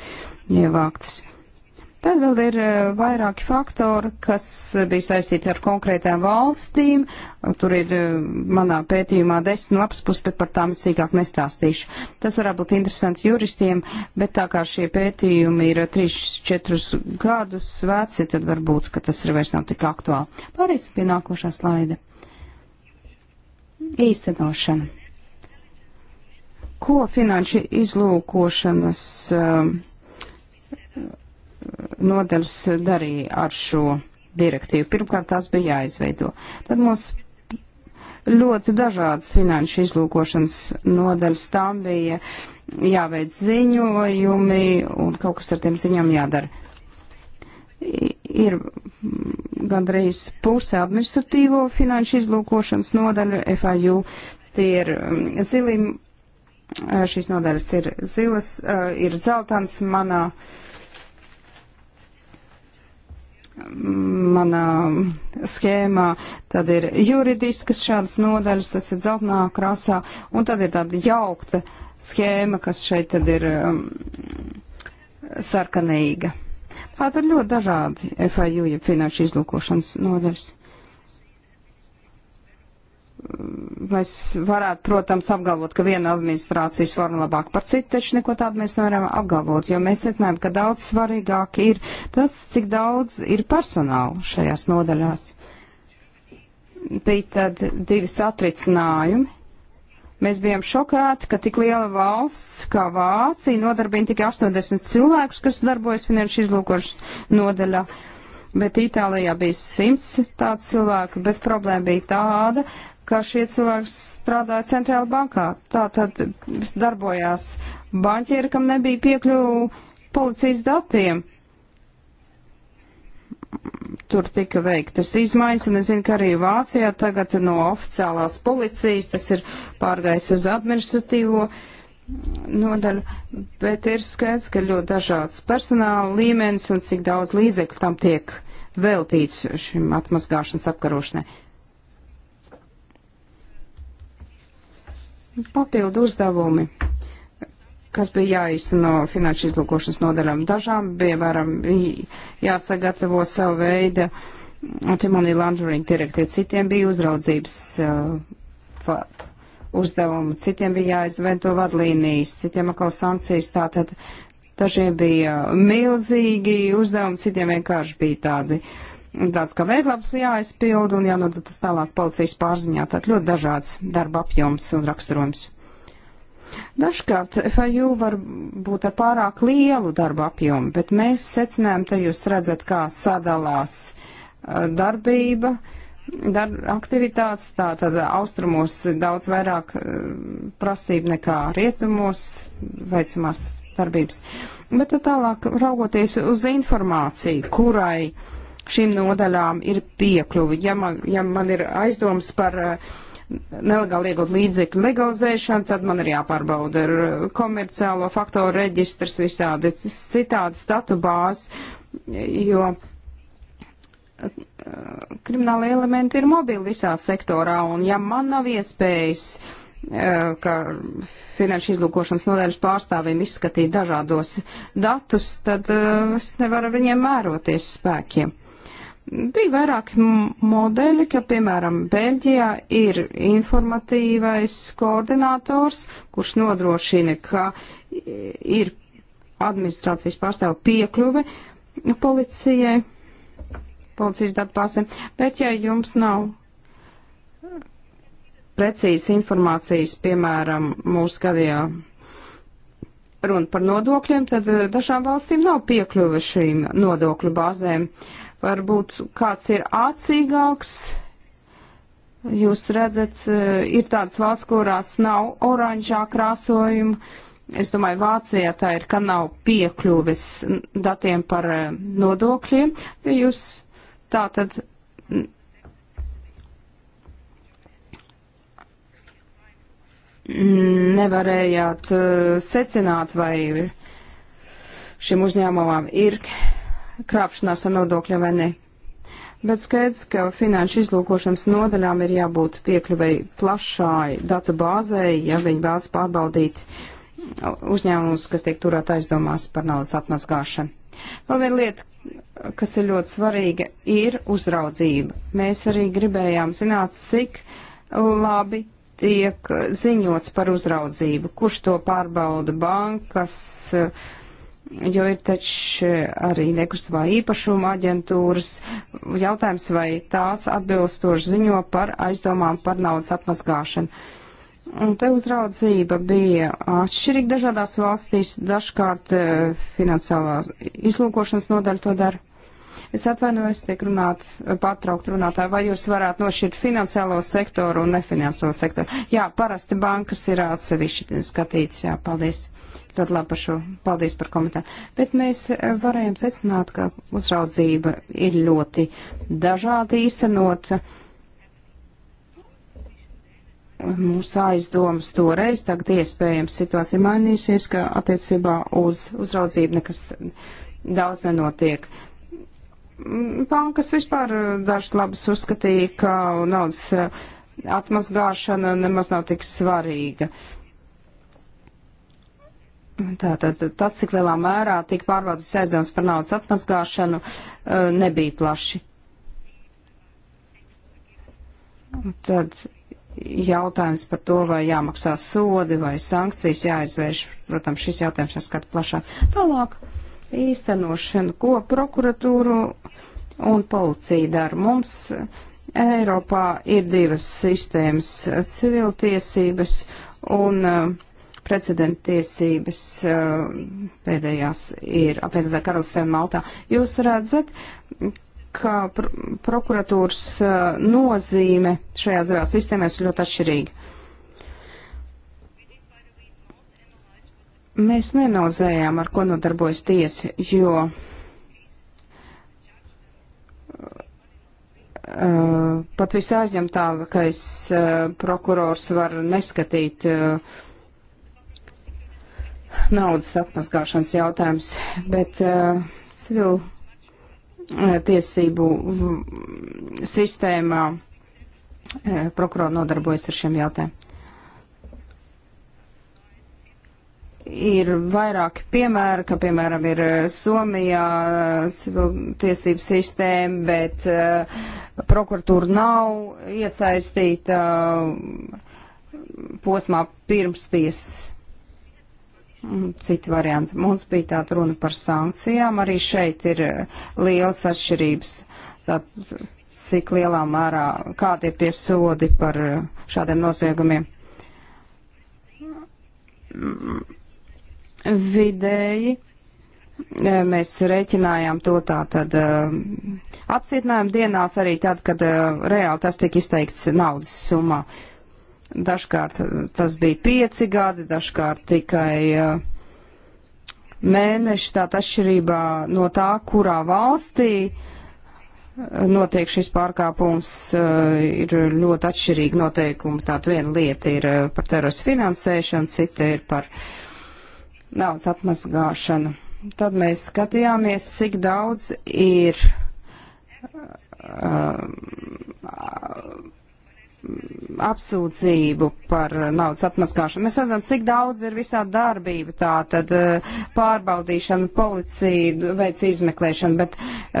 ievāktas. Tad vēl ir eh, vairāki faktori, kas bija saistīti ar konkrētām valstīm. Tur ir eh, manā pētījumā desmit lapspus, bet par tām es sīkāk nestāstīšu. Tas varētu būt interesanti juristiem, bet tā kā šie pētījumi ir 3-4 gadus veci, tad varbūt, ka tas ir vairs nav tik aktuāli. Pārēsim pie nākošā slaida īstenošana. Ko finanšu izlūkošanas um, nodaļas darīja ar šo direktīvu? Pirmkārt, tās bija jāizveido. Tad mums ļoti dažādas finanšu izlūkošanas nodaļas tām bija jāveic ziņojumi un kaut kas ar tiem ziņām jādara ir gandrīz puse administratīvo finanšu izlūkošanas nodaļu FIU. Tie ir um, zilim, uh, šīs nodaļas ir zilas, uh, ir dzeltans manā, manā schēmā, tad ir juridiskas šādas nodaļas, tas ir dzeltnā krāsā, un tad ir tāda jaukta schēma, kas šeit tad ir um, sarkanīga. Tātad ir ļoti dažādi FIU, ja finanšu izlūkošanas nodaļas. Mēs varētu, protams, apgalvot, ka viena administrācijas forma labāk par citu, taču neko tādu mēs nevaram apgalvot, jo mēs secinājām, ka daudz svarīgāk ir tas, cik daudz ir personāla šajās nodaļās. Bija tad divi satricinājumi Mēs bijām šokēti, ka tik liela valsts kā Vācija nodarbina tikai 80 cilvēkus, kas darbojas finanšu izlūkošanas nodaļā. Bet Itālijā bija 100 tādu cilvēku, bet problēma bija tāda, ka šie cilvēki strādāja centrāla bankā. Tā tad darbojās banķieri, kam nebija piekļuvu policijas datiem tur tika veiktas izmaiņas, un es zinu, ka arī Vācijā tagad no oficiālās policijas tas ir pārgājis uz administratīvo nodaļu, bet ir skaidrs, ka ļoti dažāds personāla līmenis un cik daudz līdzekļu tam tiek veltīts šim atmazgāšanas apkarošanai. Papildu uzdevumi kas bija jāīsteno finanšu izlūkošanas nodaļām. Dažām bija varam jāsagatavo savu veidu antimonī laundering direktīvu, citiem bija uzraudzības uh, uzdevumu, citiem bija jāizvento vadlīnijas, citiem atkal sankcijas. Tātad dažiem bija milzīgi uzdevumi, citiem vienkārši bija tādi. Tāds kā veidlaps jāizpild un jānodot tas tālāk policijas pārziņā. Tātad ļoti dažāds darba apjoms un raksturojums. Dažkārt FAU var būt ar pārāk lielu darbu apjomu, bet mēs secinām, te jūs redzat, kā sadalās darbība, dar aktivitātes, tā tad austrumos daudz vairāk prasību nekā rietumos veicamās darbības. Bet tad tālāk raugoties uz informāciju, kurai šīm nodaļām ir piekļuvi. Ja man, ja man ir aizdoms par uh, nelegāli iegūt līdzekļu legalizēšanu, tad man ir jāpārbauda ar uh, komerciālo faktoru reģistrs, visādi citādas datu bāzes, jo uh, krimināli elementi ir mobili visā sektorā, un ja man nav iespējas uh, ka finanšu izlūkošanas nodaļas pārstāvjiem izskatīt dažādos datus, tad es nevaru viņiem mēroties spēkiem. Bija vairāki modeļi, ka, piemēram, Beļģijā ir informatīvais koordinators, kurš nodrošina, ka ir administrācijas pārstāvu piekļuve policijai, policijas datbāzēm, bet ja jums nav precīzi informācijas, piemēram, mūsu gadījā runa par nodokļiem, tad eh, dažām valstīm nav piekļuve šīm nodokļu bāzēm. Uh, varbūt kāds ir acīgāks. Jūs redzat, e, ir tādas valsts, kurās nav oranžā krāsojuma. Es domāju, Vācijā tā ir, ka nav piekļuvis datiem par e, nodokļiem, jo jūs tā tad mm, nevarējāt e, secināt, vai šim uzņēmumam ir krāpšanās ar nodokļiem vai ne. Bet skaidrs, ka finanšu izlūkošanas nodaļām ir jābūt piekļuvei plašai datu bāzei, ja viņi vēlas pārbaudīt uzņēmumus, kas tiek turēt aizdomās par naudas atmazgāšanu. Vēl viena lieta, kas ir ļoti svarīga, ir uzraudzība. Mēs arī gribējām zināt, cik labi tiek ziņots par uzraudzību, kurš to pārbauda bankas, uh, jo ir taču arī nekustamā īpašuma aģentūras jautājums, vai tās atbilstoši ziņo par aizdomām par naudas atmazgāšanu. Un te uzraudzība bija atšķirīga dažādās valstīs, dažkārt eh, finansiālā izlūkošanas nodaļa to dara. Es atvainojos, tiek runāt, pārtraukt runātāju, vai jūs varētu nošķirt finansiālo sektoru un nefinanciālo sektoru. Jā, parasti bankas ir atsevišķi skatītas, jā, paldies ļoti labi par šo. Paldies par komentāru. Bet mēs eh, varējām secināt, ka uzraudzība ir ļoti dažādi īstenota. Mūsu aizdomas toreiz, tagad iespējams situācija mainīsies, ka attiecībā uz uzraudzību nekas daudz nenotiek. Bankas vispār eh, dažas labas uzskatīja, ka naudas eh, atmazgāšana nemaz nav tik svarīga. Uh, Tātad tas, cik lielā mērā tika pārbaudīts aizdevums par naudas atmazgāšanu, eh, nebija plaši. Tad jautājums par to, vai jāmaksā sodi vai sankcijas jāizvērš, protams, šis jautājums jāskata plašāk. Tālāk īstenošana, ko prokuratūru un policija dara mums. Eiropā ir divas sistēmas - civiltiesības un uh, precedentiesības uh, pēdējās ir apvienotā karalistē un Maltā. Jūs redzat, ka pr prokuratūras uh, nozīme šajās divās sistēmās ir ļoti atšķirīga. Mēs nenozējām, ar ko nodarbojas tiesa, jo Uh, pat visāizņemtākais uh, prokurors var neskatīt uh, naudas atmaskāšanas jautājums, bet uh, civil uh, tiesību v, sistēmā uh, prokurori nodarbojas ar šiem jautājumiem. Ir vairāki piemēri, ka, piemēram, ir uh, Somijā uh, civil tiesību sistēma, bet uh, prokuratūra nav iesaistīta uh, posmā pirms tiesas Citi varianti. Mums bija tāda runa par sankcijām. Arī šeit ir eh, liels atšķirības. Tad, cik lielā mērā, kādi ir tie sodi par eh, šādiem noziegumiem. Vidēji eh, mēs rēķinājām to tā tad apcietinājumu dienās arī tad, kad reāli tas tika izteikts naudas summā. Uh, Dažkārt eh, tas bija pieci gadi, dažkārt tikai eh, mēneši, tā atšķirībā no tā, kurā valstī eh, notiek šis pārkāpums, ir ļoti atšķirīgi noteikumi. Tāda viena lieta ir par teroristu finansēšanu, cita ir par naudas atmazgāšanu. Tad mēs skatījāmies, cik daudz ir. Uh, apsūdzību par naudas atmaskāšanu. Mēs redzam, cik daudz ir visā darbība, tā tad eh, pārbaudīšana, policija veic izmeklēšanu, bet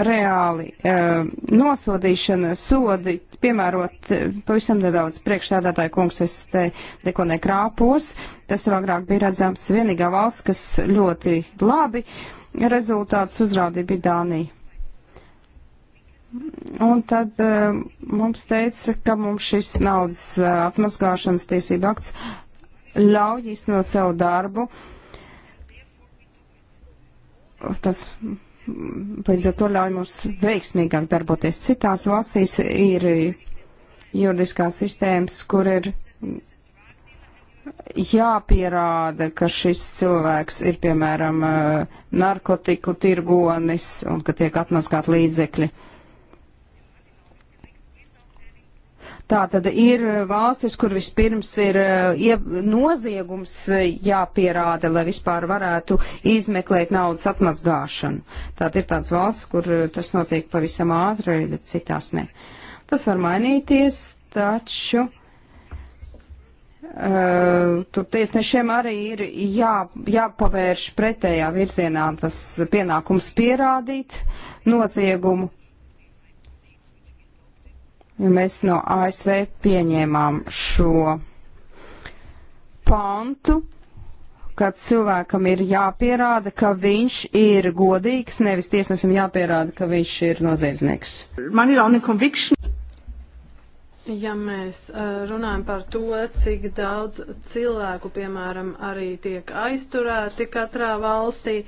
reāli eh, nosodīšana, sodi, piemērot eh, pavisam nedaudz priekšstādātāju kungs, es te neko nekrāpos. Tas agrāk bija redzams vienīgā valsts, kas ļoti labi rezultāts uzrādīja bija Dānija. Un tad uh, mums teica, ka mums šis naudas uh, eh, atmazgāšanas tiesība akts ļauj iznot savu darbu. Tas mm, līdz ar to ļauj mums veiksmīgāk darboties. Citās valstīs ir juridiskās sistēmas, kur ir jāpierāda, ka šis cilvēks ir, piemēram, eh, narkotiku tirgonis un ka tiek atmaskāt līdzekļi. Uh, Tā tad ir valstis, kur vispirms ir ja eh, noziegums eh, jāpierāda, lai vispār varētu izmeklēt naudas atmazgāšanu. Tā ir tāds valsts, kur eh, tas notiek pavisam ātri, bet citās ne. Tas var mainīties, taču. Uh, tur tiesnešiem arī ir jā, jāpavērš pretējā virzienā tas pienākums pierādīt noziegumu jo mēs no ASV pieņēmām šo pantu, ka cilvēkam ir jāpierāda, ka viņš ir godīgs, nevis tiesnesim jāpierāda, ka viņš ir noziedznieks. Man ir only conviction. Ja mēs uh, runājam par to, cik daudz cilvēku, piemēram, arī tiek aizturēti katrā valstī,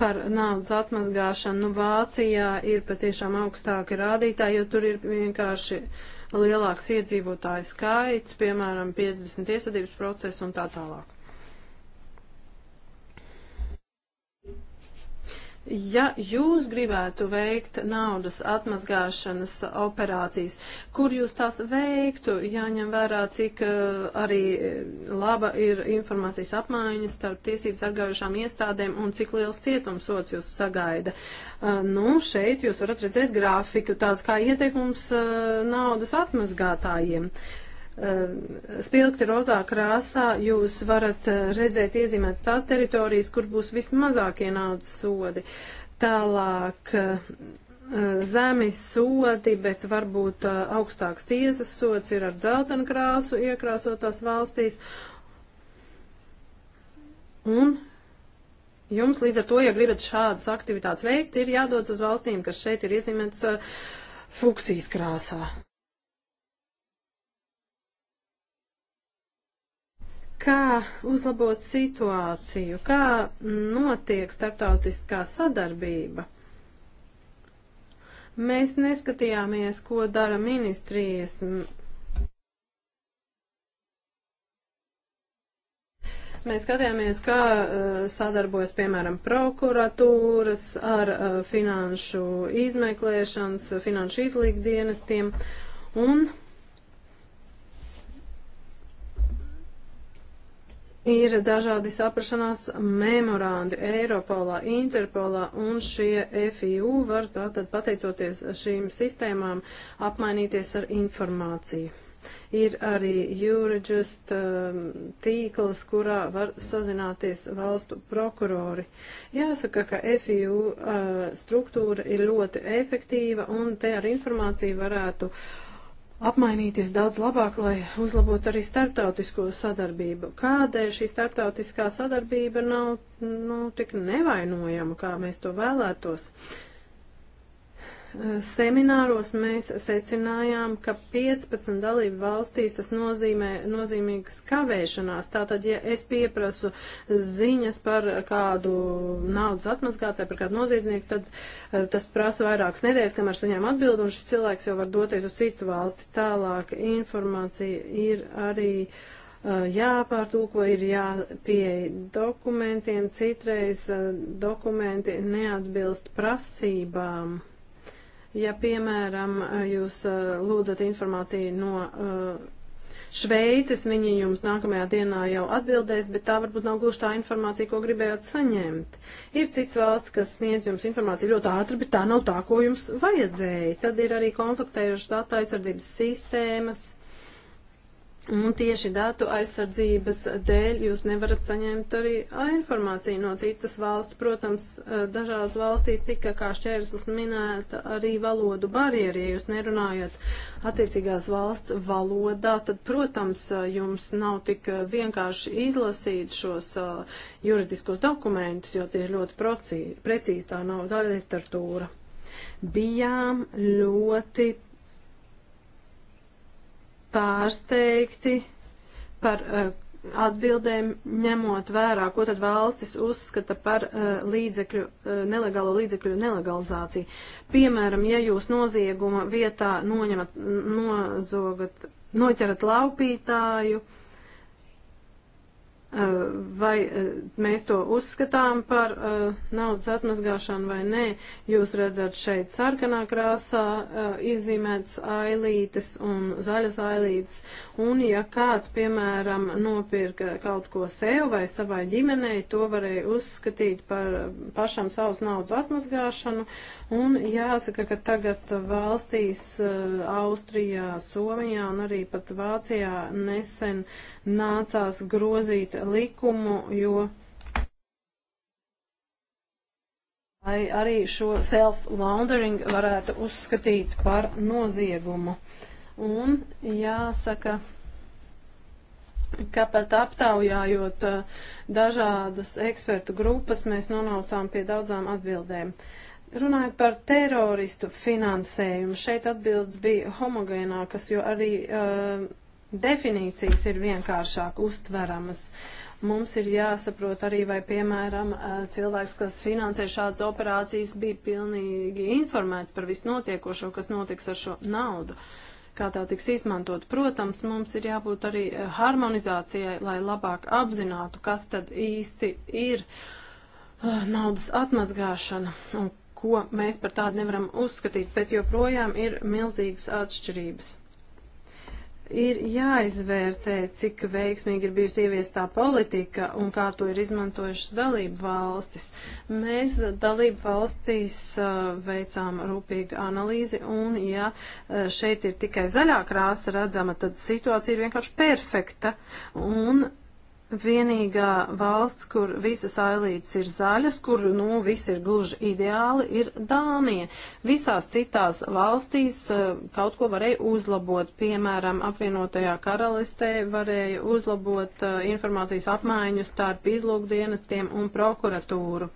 par naudas atmazgāšanu. Nu, Vācijā ir patiešām augstāki rādītāji, jo tur ir vienkārši lielāks iedzīvotāju skaits, piemēram, 50 tiesvedības procesu un tā tālāk. Ja jūs gribētu veikt naudas atmazgāšanas operācijas, kur jūs tās veiktu, jāņem vērā, cik eh, arī eh, laba ir informācijas apmaiņa starp tiesības sargājušām iestādēm un cik liels cietumsots jūs sagaida. Eh, nu, šeit jūs varat redzēt grafiku, tāds kā ieteikums naudas atmazgātājiem. Uh, Um, spilgti rozā krāsā jūs varat uh, redzēt iezīmētas tās teritorijas, kur būs vismazākie naudas sodi. Tālāk uh, zemi sodi, bet varbūt uh, augstāks tiesas sods ir ar dzeltenu krāsu iekrāsotās valstīs. Un jums līdz ar to, ja gribat šādas aktivitātes veikt, ir jādodas uz valstīm, kas šeit ir iezīmētas fuksijas krāsā. kā uzlabot situāciju, kā notiek starptautiskā sadarbība. Mēs neskatījāmies, ko dara ministrijas. Mēs skatījāmies, kā eh, sadarbojas, piemēram, prokuratūras ar eh, finanšu izmeklēšanas, finanšu izlīgdienestiem un Ir dažādi saprašanās memorandi Eiropolā, Interpolā un šie FIU var tātad pateicoties šīm sistēmām apmainīties ar informāciju. Ir arī Eurojust um, tīkls, kurā var sazināties valstu prokurori. Jāsaka, ka FIU uh, struktūra ir ļoti efektīva un te ar informāciju varētu uh, apmainīties daudz labāk, lai uzlabotu arī starptautisko sadarbību. Kādēļ šī starptautiskā sadarbība nav nu, tik nevainojama, kā mēs to vēlētos? Uh, Semināros mēs secinājām, ka 15 dalību valstīs tas nozīmē nozīmīgas kavēšanās. Tātad, ja es pieprasu ziņas par kādu naudas atmazgātāju, par kādu noziedznieku, tad eh, tas prasa vairākas nedēļas, kamēr saņem atbildi, un šis cilvēks jau var doties uz citu valsti. Tālāk informācija ir arī eh, jāpārtūko, ir jāpieeja dokumentiem, citreiz eh, dokumenti neatbilst prasībām. Ja, piemēram, jūs eh, lūdzat informāciju no eh, Šveices, viņi jums nākamajā dienā jau atbildēs, bet tā varbūt nav gluži tā informācija, ko gribējāt saņemt. Ir cits valsts, kas sniedz jums informāciju ļoti ātri, bet tā nav tā, ko jums vajadzēja. Tad ir arī konfliktējušas datu aizsardzības sistēmas Un tieši datu aizsardzības dēļ jūs nevarat saņemt arī informāciju no citas valsts. Protams, eh, dažās valstīs tika kā šķērslis minēta arī valodu barjeri. Ja jūs nerunājat attiecīgās valsts valodā, tad, protams, eh, jums nav tik eh, vienkārši izlasīt šos juridiskos dokumentus, jo tie ir ļoti procī, precīzi, tā nav daļa literatūra. Bijām ļoti pārsteigti par uh, atbildēm, ņemot vērā, ko tad valstis uzskata par uh, līdzekļu, uh, nelegālo līdzekļu nelegalizāciju. Piemēram, ja jūs nozieguma vietā noņemat, nozogat, noķerat laupītāju, uh, Eh, vai eh, mēs to uzskatām par eh, naudas atmazgāšanu vai nē. Jūs redzat šeit sarkanā krāsā iezīmētas ailītes un zaļas ailītes, un ja kāds, piemēram, nopirka kaut ko sev vai savai ģimenei, to varēja uzskatīt par pašam savus naudas atmazgāšanu, un jāsaka, ka tagad valstīs Austrijā, Somijā un arī pat Vācijā nesen nācās grozīt likumu, jo lai arī šo self-laundering varētu uzskatīt par noziegumu. Un jāsaka, ka pat aptaujājot uh, dažādas ekspertu grupas, mēs nonācām pie daudzām atbildēm. Runājot par teroristu finansējumu, šeit atbildes bija homogēnākas, jo arī uh, definīcijas ir vienkāršāk uztveramas. Mums ir jāsaprot arī, vai, piemēram, cilvēks, kas finansē šādas operācijas, bija pilnīgi informēts par visu notiekošo, kas notiks ar šo naudu, kā tā tiks izmantot. Protams, mums ir jābūt arī harmonizācijai, lai labāk apzinātu, kas tad īsti ir naudas atmazgāšana un ko mēs par tādu nevaram uzskatīt, bet joprojām ir milzīgas atšķirības ir jāizvērtē, cik veiksmīgi ir bijusi ieviestā politika un kā to ir izmantojušas dalību valstis. Mēs dalību valstīs veicām rūpīgu analīzi un, ja šeit ir tikai zaļā krāsa redzama, tad situācija ir vienkārši perfekta. Un vienīgā valsts, kur visas ailītes ir zaļas, kur nu viss ir gluži ideāli, ir Dānija. Visās citās valstīs eh, kaut ko varēja uzlabot, piemēram, apvienotajā karalistē varēja uzlabot eh, informācijas apmaiņu starp izlūkdienestiem un prokuratūru.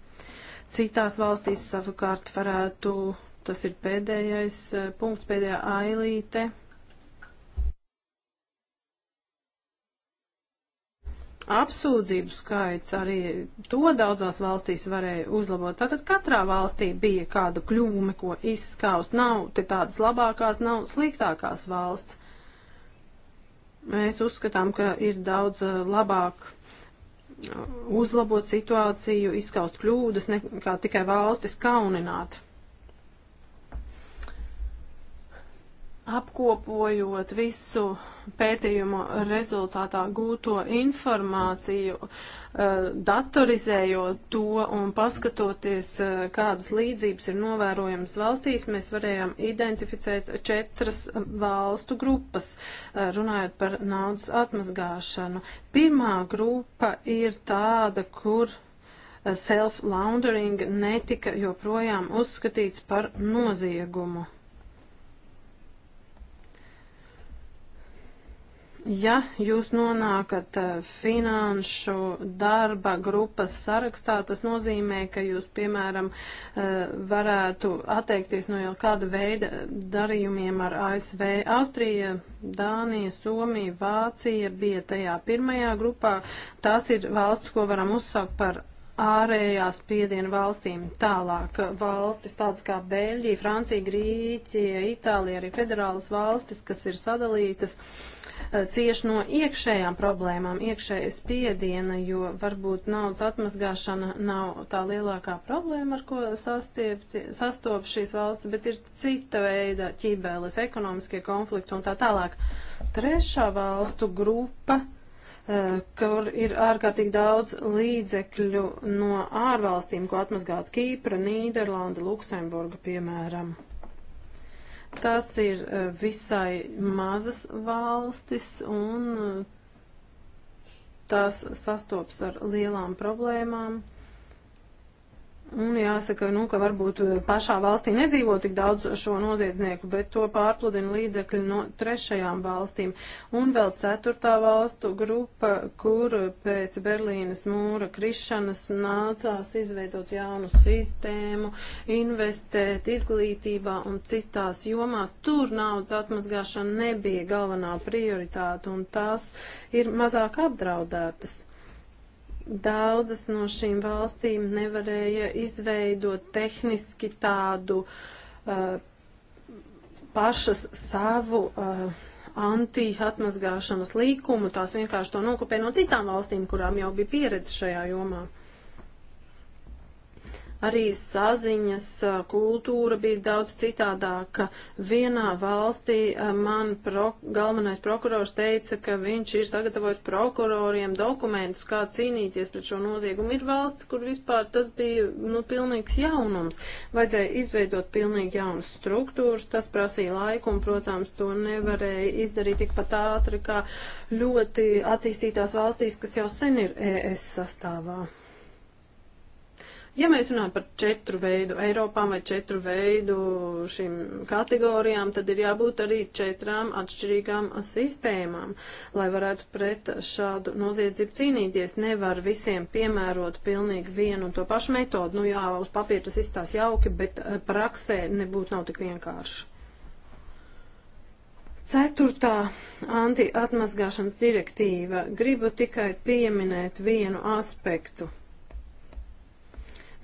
Citās valstīs savukārt varētu, tas ir pēdējais eh, punkts, pēdējā ailīte. Apsūdzību skaits arī to daudzās valstīs varēja uzlabot. Tātad katrā valstī bija kāda kļūme, ko izskaust. Nav te tādas labākās, nav sliktākās valsts. Mēs uzskatām, ka ir daudz eh, labāk eh, uzlabot situāciju, izskaust kļūdas, nekā tikai valstis kaunināt. apkopojot visu pētījumu rezultātā gūto informāciju, eh, datorizējot to un paskatoties, eh, kādas līdzības ir novērojams valstīs, mēs varējām identificēt četras valstu grupas, eh, runājot par naudas atmazgāšanu. Pirmā grupa ir tāda, kur self-laundering netika joprojām uzskatīts par noziegumu. Ja jūs nonākat eh, finanšu darba grupas sarakstā, tas nozīmē, ka jūs, piemēram, eh, varētu atteikties no jau kāda veida darījumiem ar ASV. Austrija, Dānija, Somija, Vācija bija tajā pirmajā grupā. Tās ir valsts, ko varam uzsākt par ārējās piedienu valstīm. Tālāk eh, valstis tādas kā Beļģija, Francija, Grīķija, Itālija, arī federālas valstis, kas ir sadalītas. Uh, Eh, cieš no iekšējām problēmām, iekšējas piediena, jo varbūt naudas atmazgāšana nav tā lielākā problēma, ar ko sastiepti, sastop šīs valsts, bet ir cita veida ķībeles, ekonomiskie konflikti un tā tālāk. Trešā valstu grupa eh, kur ir ārkārtīgi daudz līdzekļu no ārvalstīm, ko atmazgāt Kīpra, Nīderlanda, Luksemburga, piemēram. Tas ir eh, visai mazas valstis un eh, tās sastops ar lielām problēmām. Un jāsaka, nu, ka varbūt eh, pašā valstī nedzīvo tik daudz šo noziedznieku, bet to pārpludina līdzekļi no trešajām valstīm. Un vēl ceturtā valstu grupa, kur pēc Berlīnas mūra krišanas nācās izveidot jaunu sistēmu, investēt izglītībā un citās jomās. Tur naudas atmazgāšana nebija galvenā prioritāte un tās ir mazāk apdraudētas. Daudzas no šīm valstīm nevarēja izveidot tehniski tādu uh, pašas savu uh, anti-atmazgāšanas līkumu, tās vienkārši to nokopē no citām valstīm, kurām jau bija pieredze šajā jomā arī saziņas kultūra bija daudz citādāka. Vienā valstī man pro, galvenais prokurors teica, ka viņš ir sagatavojis prokuroriem dokumentus, kā cīnīties pret šo noziegumu. Ir valsts, kur vispār tas bija nu, pilnīgs jaunums. Vajadzēja izveidot pilnīgi jaunas struktūras, tas prasīja laiku un, protams, to nevarēja izdarīt tikpat ātri kā ļoti attīstītās valstīs, kas jau sen ir ES sastāvā. Ja mēs runājam par četru veidu Eiropām vai četru veidu šīm kategorijām, tad ir jābūt arī četrām atšķirīgām sistēmām, lai varētu pret šādu noziedzību cīnīties. Nevar visiem piemērot pilnīgi vienu un to pašu metodu. Nu jā, uz papīra tas izstās jauki, bet eh, praksē nebūtu nav tik vienkārši. Ceturtā antiatmazgāšanas direktīva. Gribu tikai pieminēt vienu aspektu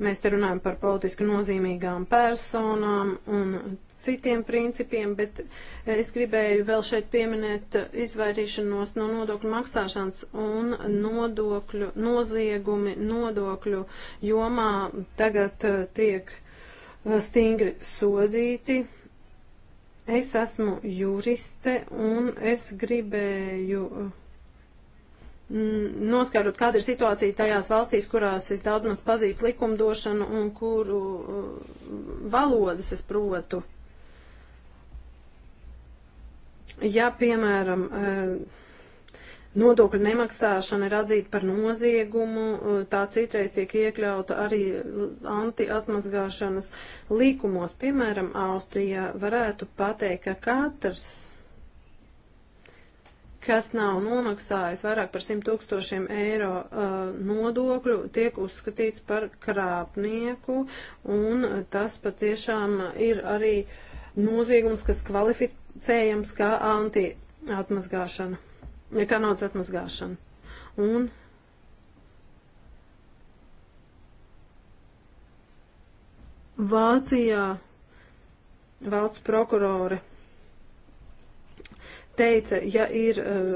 Mēs te runājam par politiski nozīmīgām personām un citiem principiem, bet es gribēju vēl šeit pieminēt izvairīšanos no nodokļu maksāšanas un nodokļu noziegumi nodokļu jomā tagad eh, tiek eh, stingri sodīti. Es esmu juriste un es gribēju eh, Mm, noskaidrot, kāda ir situācija tajās valstīs, kurās es daudz maz pazīstu likumdošanu un kuru uh, valodas es protu. Ja, piemēram, uh, nodokļu nemaksāšana ir atzīta par noziegumu, uh, tā citreiz tiek iekļauta arī antiatmazgāšanas līkumos. Piemēram, Austrijā varētu pateikt, ka katrs kas nav nomaksājis vairāk par 100 tūkstošiem eiro uh, nodokļu, tiek uzskatīts par krāpnieku, un tas patiešām ir arī noziegums, kas kvalificējams kā anti-atmazgāšana, kā naudas atmazgāšana. Un Vācijā valsts prokurore teica, ja ir eh,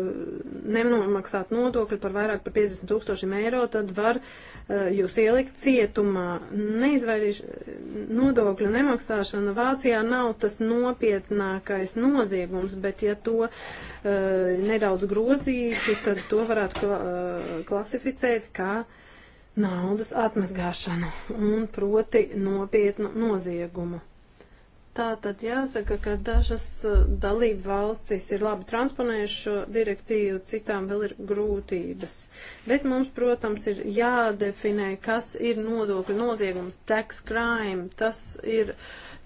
nenomaksāt nodokļi par vairāk par 50 tūkstošiem eiro, tad var eh, jūs ielikt cietumā. Neizvairīš nodokļu nemaksāšana Vācijā nav tas nopietnākais noziegums, bet ja to eh, nedaudz grozītu, tad to varētu klasificēt kā naudas atmazgāšanu un proti nopietnu noziegumu. Tā tad jāsaka, ka dažas uh, dalību valstis ir labi transponējuši šo direktīvu, citām vēl ir grūtības. Bet mums, protams, ir jādefinē, kas ir nodokļu noziegums, tax crime. Tas ir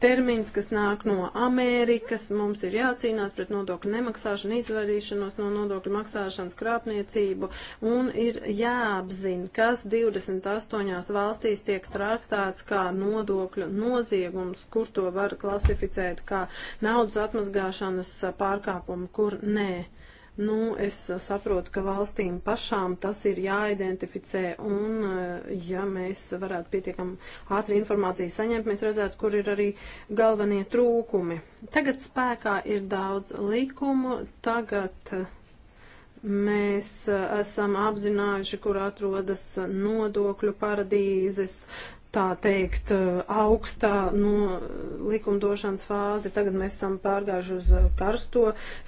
termins, kas nāk no Amerikas. Mums ir jācīnās pret nodokļu nemaksāšanu, izvairīšanos no nodokļu maksāšanas krāpniecību un ir jāapzina, kas 28 valstīs tiek traktēts kā nodokļu noziegums, kur to var klasificēt kā naudas atmazgāšanas pārkāpumu, kur nē. Nu, es saprotu, ka valstīm pašām tas ir jāidentificē, un eh, ja mēs varētu pietiekam ātri informāciju saņemt, mēs redzētu, kur ir arī galvenie trūkumi. Tagad spēkā ir daudz likumu, tagad eh, mēs eh, esam apzinājuši, kur atrodas nodokļu paradīzes, tā teikt, augstā no nu, likumdošanas fāze. Tagad mēs esam pārgājuši uz karsto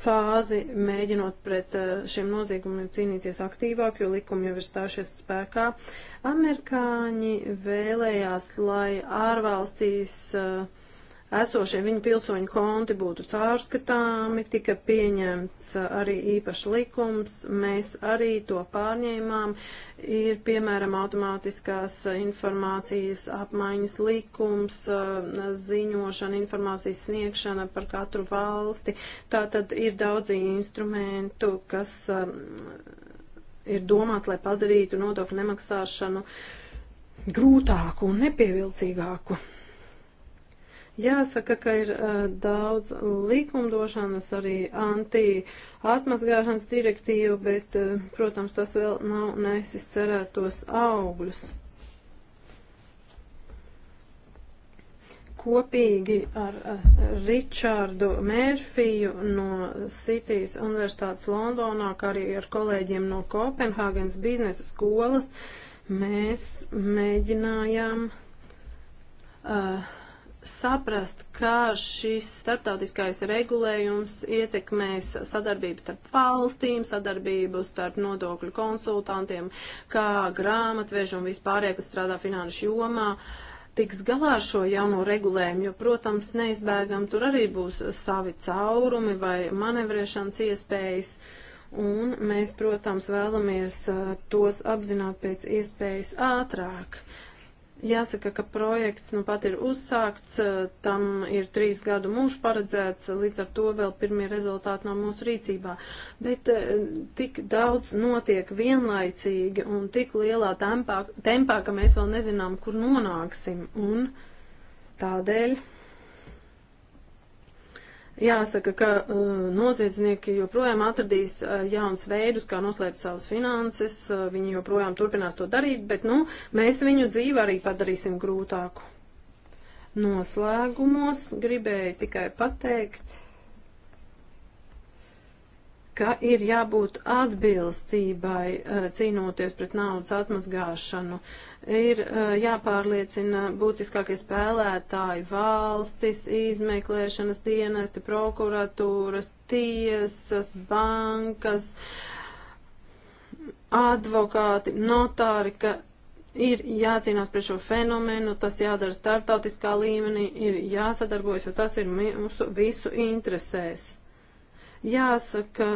fāzi, mēģinot pret eh, šiem noziegumiem cīnīties aktīvāk, jo likumi jau ir stājušies spēkā. Amerikāņi vēlējās, lai ārvalstīs uh, esošie viņa pilsoņu konti būtu caurskatāmi, tika pieņemts arī īpašs likums, mēs arī to pārņēmām, ir piemēram automātiskās informācijas apmaiņas likums, ziņošana, informācijas sniegšana par katru valsti, tā tad ir daudzi instrumentu, kas um, ir domāti, lai padarītu nodokļu nemaksāšanu grūtāku un nepievilcīgāku. Jāsaka, ka ir uh, daudz likumdošanas, arī anti-atmazgāšanas direktīva, bet, uh, protams, tas vēl nav nesis cerētos augļus. Kopīgi ar uh, Ričārdu Mērfiju no Citīs Universitātes Londonā, kā arī ar kolēģiem no Kopenhāgenes biznesa skolas, mēs mēģinājām uh, saprast, kā šis starptautiskais regulējums ietekmēs sadarbību starp valstīm, sadarbību starp nodokļu konsultantiem, kā grāmatvežu un vispārējie, kas strādā finanšu jomā, tiks galā ar šo jauno regulējumu, jo, protams, neizbēgam tur arī būs savi caurumi vai manevrēšanas iespējas. Un mēs, protams, vēlamies uh, tos apzināt pēc iespējas ātrāk. Uh, Jāsaka, ka projekts nu pat ir uzsākts, eh, tam ir trīs gadu mūžs paredzēts, līdz ar to vēl pirmie rezultāti nav mūsu rīcībā. Bet eh, tik daudz notiek vienlaicīgi un tik lielā tempā, tempā ka mēs vēl nezinām, kur nonāksim. Un tādēļ Jāsaka, ka uh, noziedznieki joprojām atradīs uh, jauns veidus, kā noslēpt savas finanses, uh, viņi joprojām turpinās to darīt, bet, nu, mēs viņu dzīvi arī padarīsim grūtāku. Noslēgumos gribēju tikai pateikt, ka ir jābūt atbilstībai eh, cīnoties pret naudas atmazgāšanu. Ir eh, jāpārliecina būtiskākie spēlētāji valstis, izmeklēšanas dienesti, prokuratūras, tiesas, bankas, advokāti, notāri, ka ir jācīnās pret šo fenomenu, tas jādara starptautiskā līmenī, ir jāsadarbojas, jo tas ir mūsu visu interesēs. Jāsaka,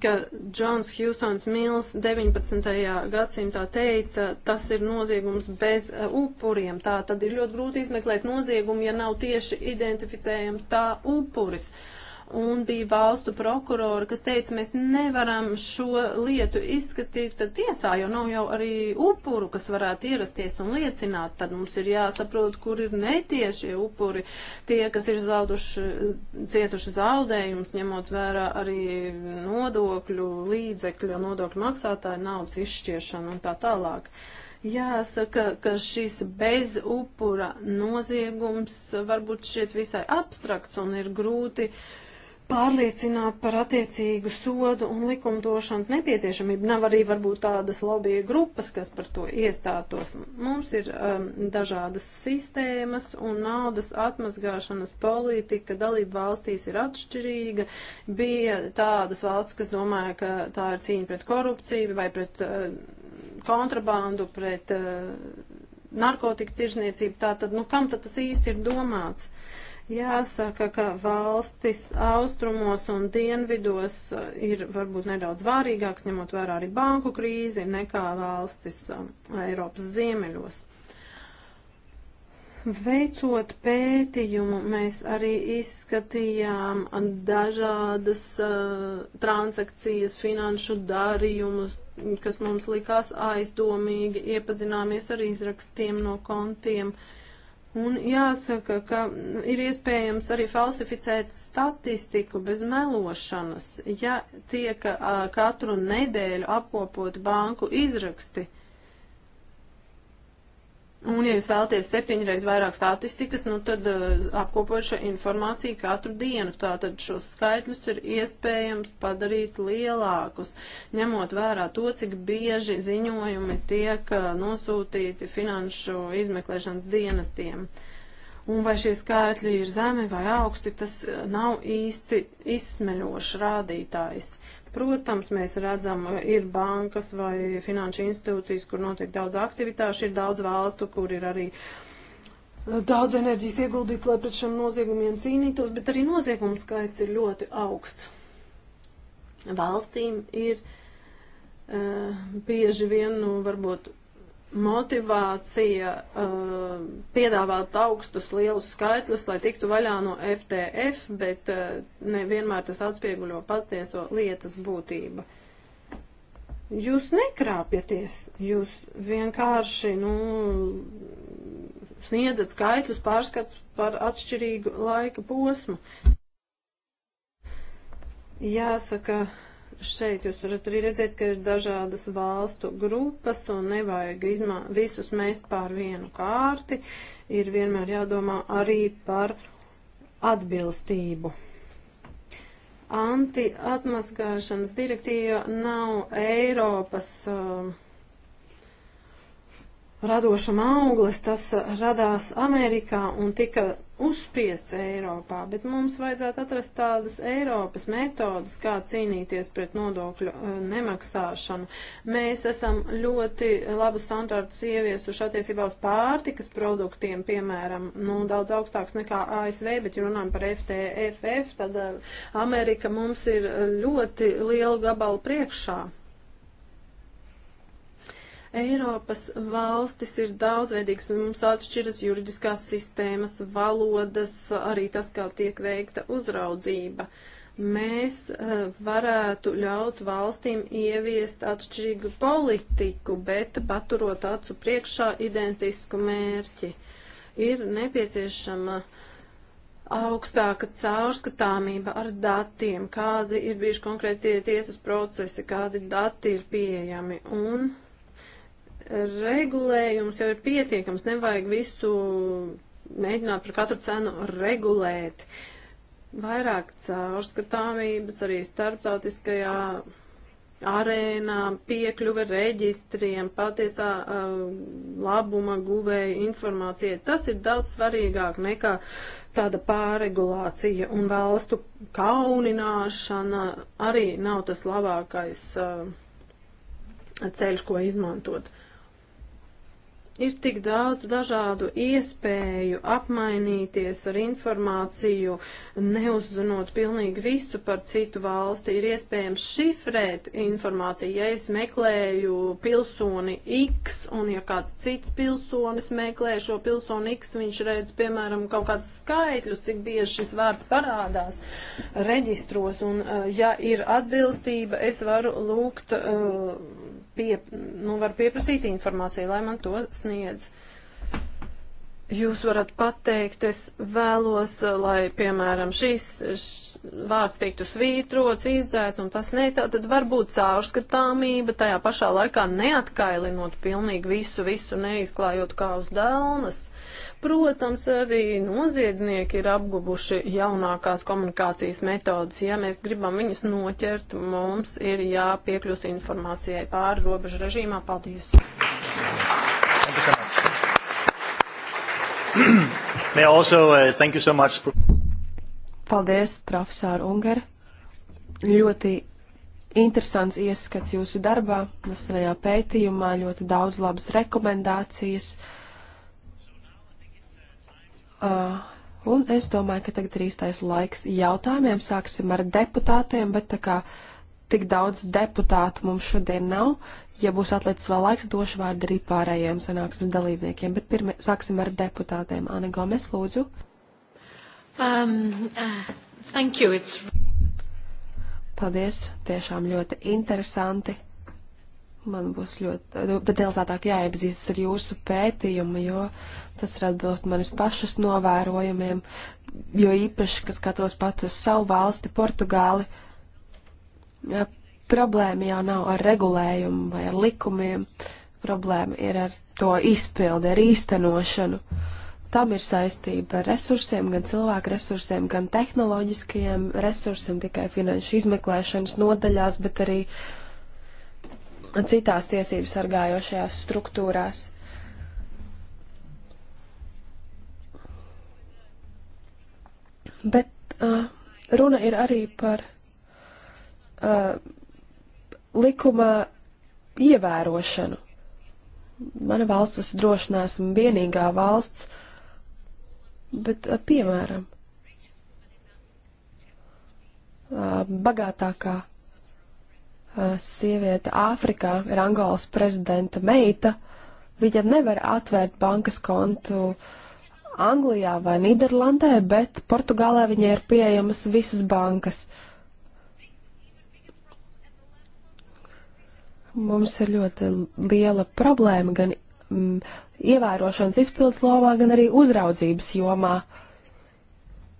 ka Džons Hjūsons Mils 19. gadsimtā teica, tas ir noziegums bez e, upuriem. Tā tad ir ļoti grūti izmeklēt noziegumu, ja nav tieši identificējams tā upuris. Uh, un bija valstu prokurori, kas teica, mēs nevaram šo lietu izskatīt tiesā, jo nav jau arī upuru, kas varētu ierasties un liecināt. Tad mums ir jāsaprot, kur ir netiešie upuri, tie, kas ir zauduši, cietuši zaudējumus, ņemot vērā arī nodokļu līdzekļu, nodokļu maksātāju naudas izšķiešanu un tā tālāk. Jāsaka, ka šis bezupura noziegums varbūt šķiet visai abstrakts un ir grūti uh, pārliecināt par attiecīgu sodu un likumdošanas nepieciešamību. Nav arī varbūt tādas lobija grupas, kas par to iestātos. Mums ir um, dažādas sistēmas un naudas atmazgāšanas politika dalība valstīs ir atšķirīga. Bija tādas valsts, kas domāja, ka tā ir cīņa pret korupciju vai pret uh, kontrabandu, pret uh, narkotiku tirzniecību. Tātad, nu kam tad tas īsti ir domāts? Uh, Jāsaka, ka valstis austrumos un dienvidos uh, ir varbūt nedaudz vārīgāks, ņemot vērā arī banku krīzi, nekā valstis um, Eiropas ziemeļos. Veicot pētījumu, mēs arī izskatījām dažādas uh, transakcijas, finanšu darījumus, kas mums likās aizdomīgi, iepazināmies ar izrakstiem no kontiem. Uh, Un jāsaka, ka ir iespējams arī falsificēt statistiku bez melošanas, ja tiek katru nedēļu apkopot banku izraksti. Uh, Un, ja jūs vēlaties septiņreiz vairāk statistikas, nu tad uh, apkopoša informācija katru dienu. Tātad šos skaitļus ir iespējams padarīt lielākus, ņemot vērā to, cik bieži ziņojumi tiek uh, nosūtīti finanšu izmeklēšanas dienestiem. Un vai šie skaitļi ir zemi vai augsti, tas eh, nav īsti izsmeļošs rādītājs. Protams, mēs redzam, ir bankas vai finanšu institūcijas, kur notiek daudz aktivitāšu, ir daudz valstu, kur ir arī eh, daudz enerģijas ieguldīts, lai pret šiem noziegumiem cīnītos, bet arī noziegumu skaits ir ļoti augsts. Valstīm ir uh, bieži vien, nu, varbūt motivācija uh, piedāvāt augstus lielus skaitļus, lai tiktu vaļā no FTF, bet uh, nevienmēr tas atspieguļo patieso lietas būtību. Jūs nekrāpjaties, jūs vienkārši nu, sniedzat skaitļus pārskatus par atšķirīgu laika posmu. Jāsaka, uh, Šeit jūs varat arī redzēt, ka ir dažādas valstu grupas un nevajag izmā, visus mēst pār vienu kārti. Ir vienmēr jādomā arī par atbilstību. Antiatmaskāšanas direktīva nav Eiropas uh, radošuma auglis, tas radās Amerikā un tika uzspiests Eiropā, bet mums vajadzētu atrast tādas Eiropas metodas, kā cīnīties pret nodokļu eh, nemaksāšanu. Mēs esam ļoti labus standartus ieviesuši attiecībā uz pārtikas produktiem, piemēram, nu, daudz augstāks nekā ASV, bet, ja runājam par FTFF, tad eh, Amerika mums ir ļoti lielu gabalu priekšā. Eiropas valstis ir daudzveidīgas, mums atšķiras juridiskās sistēmas, valodas, arī tas, kā tiek veikta uzraudzība. Mēs eh, varētu ļaut valstīm ieviest atšķirīgu politiku, bet paturot acu priekšā identisku mērķi. Ir nepieciešama uh, augstāka caurskatāmība ar datiem, kādi ir bijuši konkrētie tiesas procesi, kādi dati ir pieejami. Un regulējums jau ir pietiekams, nevajag visu mēģināt par katru cenu regulēt. Vairāk caurskatāmības arī starptautiskajā arēnā, piekļuve reģistriem, patiesā uh, labuma guvēja informācija. Tas ir daudz svarīgāk nekā tāda pārregulācija un valstu kaunināšana arī nav tas labākais uh, ceļš, ko izmantot. Uh, ir tik daudz dažādu iespēju apmainīties ar informāciju, neuzzinot pilnīgi visu par citu valsti. Ir iespējams šifrēt informāciju, ja es meklēju pilsoni X, un ja kāds cits pilsonis meklē šo pilsoni X, viņš redz, piemēram, kaut kādus skaitļus, cik bieži šis vārds parādās reģistros, un eh, ja ir atbilstība, es varu lūgt. Uh, pie, nu, var pieprasīt informāciju, lai man to sniedz. Uh, jūs varat pateikt, es vēlos, lai, piemēram, šīs š, vārds tiktu svītrots, izdzēts un tas ne, tā, tad varbūt caurskatāmība tajā pašā laikā neatkailinot pilnīgi visu, visu neizklājot kā uz daunas. Protams, arī noziedznieki ir apguvuši jaunākās komunikācijas metodas. Ja mēs gribam viņus noķert, mums ir jāpiekļūst informācijai pāri robežu režīmā. Paldies! Thank you so much. May also, uh, thank you so much. Paldies, profesori Ungara. Ļoti interesants ieskats jūsu darbā, nesenajā pētījumā, ļoti daudz labas rekomendācijas. Uh, un es domāju, ka tagad ir īstais laiks jautājumiem. Sāksim ar deputātiem, bet tā kā uh, tik daudz deputātu mums šodien nav. Ja būs atlicis vēl laiks, došu vārdu arī pārējiem sanāksmes dalībniekiem, bet pirmie sāksim ar deputātēm. Ana Gomes, lūdzu. Um, uh, thank you. It's... Paldies, tiešām ļoti interesanti. Man būs ļoti nu, detalizētāk jāiepazīstas ar jūsu pētījumu, jo tas ir atbilst manis pašas novērojumiem, jo īpaši, kas skatos pat uz savu valsti, Portugāli, uh, Problēma jau nav ar regulējumu vai ar likumiem, problēma ir ar to izpildi, ar īstenošanu. Tam ir saistība ar resursiem, gan cilvēku resursiem, gan tehnoloģiskajiem resursiem, tikai finanšu izmeklēšanas nodaļās, bet arī citās tiesības sargājošajās struktūrās. Bet uh, runa ir arī par uh, likuma ievērošanu. Mana valsts, es droši neesmu vienīgā valsts, bet, uh, piemēram, uh, bagātākā uh, sieviete Āfrikā ir Angolas prezidenta meita. Viņa nevar atvērt bankas kontu Anglijā vai Nīderlandē, bet Portugālē viņai ir pieejamas visas bankas. Uh, Mums ir ļoti liela problēma gan mm, ievērošanas izpildes lomā, gan arī uzraudzības jomā.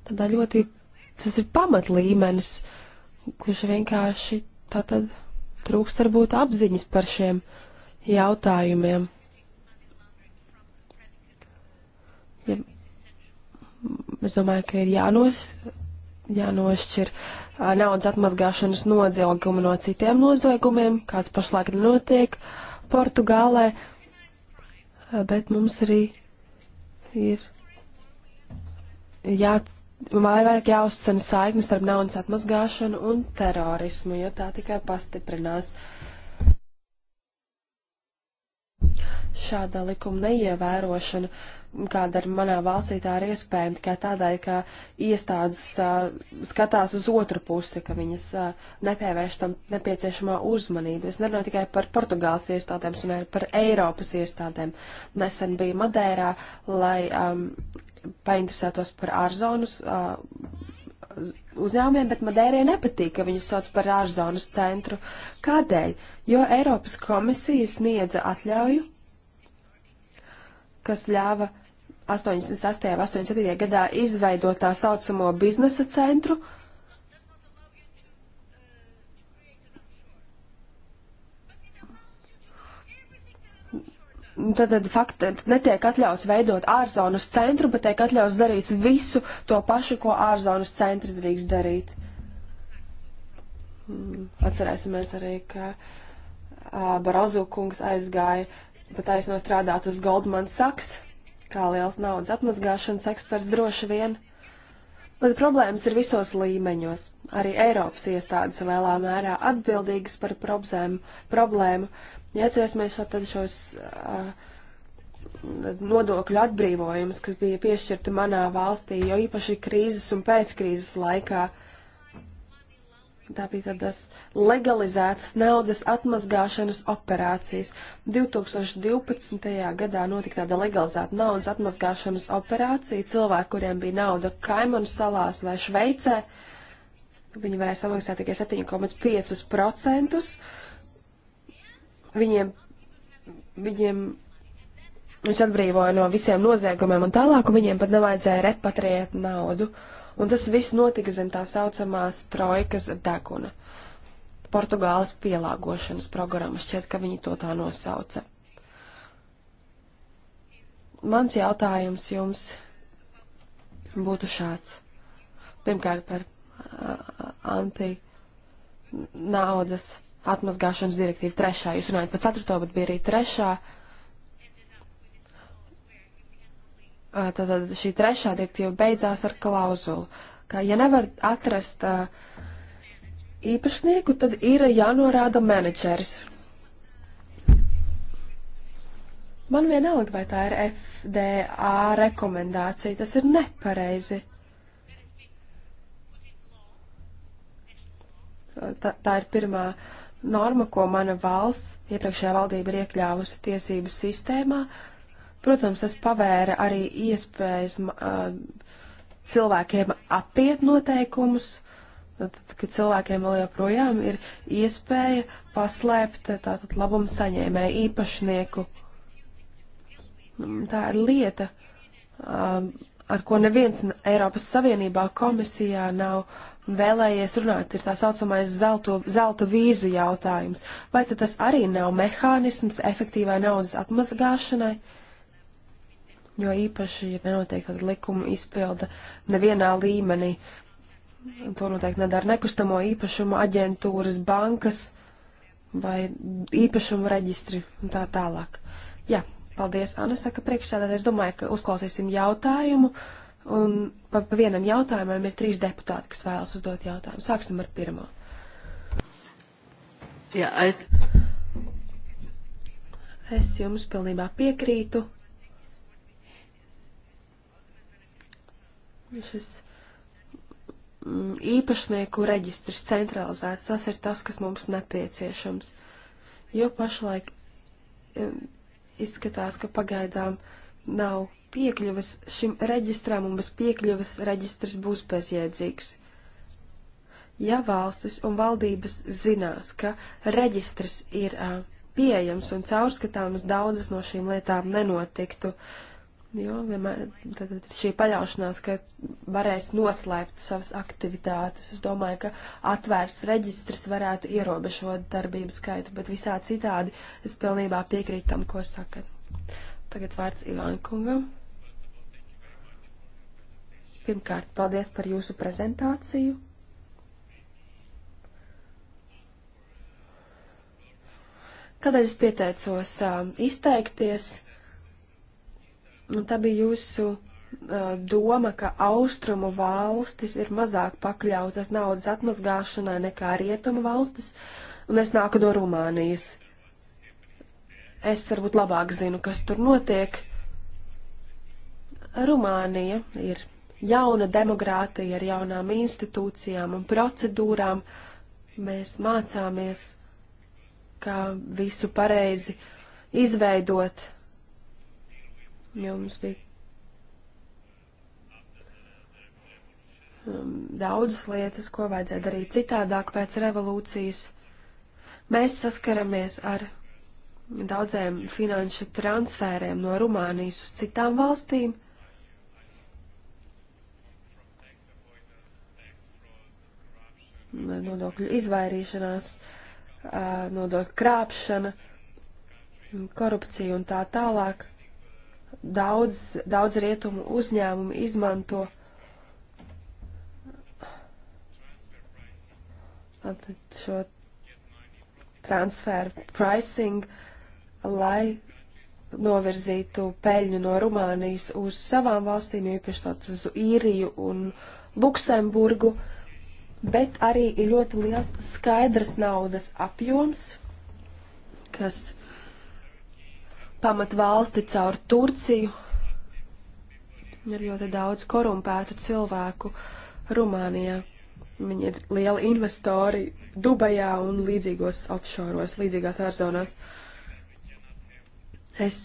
Tādā ļoti tas ir pamatlīmenis, kurš vienkārši tātad trūkst varbūt apziņas par šiem jautājumiem. Ja, es domāju, ka ir jānoš, jānošķir naudas atmazgāšanas nodzielgumu no citiem noziegumiem, kāds pašlaik notiek Portugālē, bet mums arī ir jā, vairāk jāuzcena saikni starp naudas atmazgāšanu un terorismu, jo tā tikai pastiprinās. Šāda likuma neievērošana kāda ir manā valstī, tā ir iespējama tikai tādēļ, ka iestādes uh, skatās uz otru pusi, ka viņas uh, nepievērš tam nepieciešamā uzmanību. Es nerunāju tikai par Portugāles iestādēm, bet arī par Eiropas iestādēm. Nesen biju Madērā, lai um, painteresētos par ārzonas uh, uzņēmumiem, bet Madērai nepatīk, ka viņu sauc par ārzonas centru. Kādēļ? Jo Eiropas komisija sniedza atļauju kas ļāva 88. un 87. gadā izveidot tā saucamo biznesa centru. Tad, tad fakti netiek atļauts veidot ārzonas centru, bet tiek atļauts darīt visu to pašu, ko ārzonas centrs drīkst darīt. Hmm, atcerēsimies arī, ka Barozu kungs aizgāja pat aizno strādāt uz Goldman Sachs kā liels naudas atmazgāšanas eksperts droši vien. Bet problēmas ir visos līmeņos. Arī Eiropas iestādes lielā mērā atbildīgas par probzēm, problēmu. Ja atcerēsimies šo, šos uh, nodokļu atbrīvojumus, kas bija piešķirti manā valstī, jo īpaši krīzes un pēckrīzes laikā uh, Tā bija tādas legalizētas naudas atmazgāšanas operācijas. 2012. gadā notika tāda legalizēta naudas atmazgāšanas operācija. Cilvēki, kuriem bija nauda Kaimanu salās vai Šveicē, viņi varēja samaksāt tikai 7,5%. Viņiem, viņiem viņš atbrīvoja no visiem noziegumiem un tālāk, un viņiem pat nevajadzēja repatriēt naudu. Uh, Un tas viss notika zem tā saucamās trojkas deguna. Portugāles pielāgošanas programma šķiet, ka viņi to tā nosauca. Mans jautājums jums būtu šāds. Pirmkārt par uh, anti-naudas atmazgāšanas direktīvu trešā. Jūs runājat par ceturto, bet bija arī trešā. Uh, tātad šī trešā direktīva beidzās ar klauzulu, ka ja nevar atrast uh, īpašnieku, tad ir jānorāda menedžers. Man vienalga, vai tā ir FDA rekomendācija, tas ir nepareizi. Tā, tā ir pirmā norma, ko mana valsts iepriekšējā valdība ir iekļāvusi tiesību sistēmā, uh, Protams, tas pavēra arī iespējas uh, cilvēkiem apiet noteikumus, tad, ka cilvēkiem vēl joprojām ir iespēja paslēpt tātad labumu saņēmēju īpašnieku. Tā ir lieta, uh, ar ko neviens Eiropas Savienībā komisijā nav vēlējies runāt, ir tā saucamais zelto, zelta vīzu jautājums. Vai tad tas arī nav mehānisms efektīvai naudas atmazgāšanai? Uh, jo īpaši, ja nenotiek tāda likuma izpilda nevienā līmenī, to noteikti nedara nekustamo īpašumu aģentūras, bankas vai īpašumu reģistri un tā tālāk. Jā, paldies, Anna, saka priekšsēdētājs. Es domāju, ka uzklausīsim jautājumu, un pa, pa vienam jautājumam ir trīs deputāti, kas vēlas uzdot jautājumu. Sāksim ar pirmo. Jā, es... Es jums pilnībā piekrītu šis mm, īpašnieku reģistrs centralizēts. Tas ir tas, kas mums nepieciešams. Jo pašlaik izskatās, ka pagaidām nav piekļuves šim reģistram un bez piekļuves reģistrs būs bezjēdzīgs. Ja valstis un valdības zinās, ka reģistrs ir pieejams un caurskatāms, daudzas no šīm lietām nenotiktu. Uh, Jo vienmēr tad ir šī paļaušanās, ka varēs noslēpt savas aktivitātes. Es domāju, ka atvērts reģistrs varētu ierobežot darbību skaitu, bet visā citādi es pilnībā piekrītu tam, ko sakat. Tagad vārds Ivankungam. Pirmkārt, paldies par jūsu prezentāciju. Kādēļ es pieteicos um, izteikties? tā bija jūsu doma, ka austrumu valstis ir mazāk pakļautas naudas atmazgāšanai nekā rietumu valstis, un es nāku no Rumānijas. Es varbūt labāk zinu, kas tur notiek. Rumānija ir jauna demokrātija ar jaunām institūcijām un procedūrām. Mēs mācāmies, kā visu pareizi izveidot jums bija um, daudzas lietas, ko vajadzēja darīt citādāk pēc revolūcijas. Mēs saskaramies ar daudziem finanšu transfēriem no Rumānijas uz citām valstīm. Nodokļu izvairīšanās, uh, nodokļu krāpšana, korupcija un tā tālāk daudz, daudz rietumu uzņēmumu izmanto šo transferu pricing, lai novirzītu peļņu no Rumānijas uz savām valstīm, īpaši tātad uz Īriju un Luksemburgu, bet arī ir ļoti liels skaidrs naudas apjoms, kas uh, pamat valsti caur Turciju. Ir ļoti daudz korumpētu cilvēku Rumānijā. Viņi ir lieli investori Dubajā un līdzīgos offshoros, līdzīgās ārzonās. Es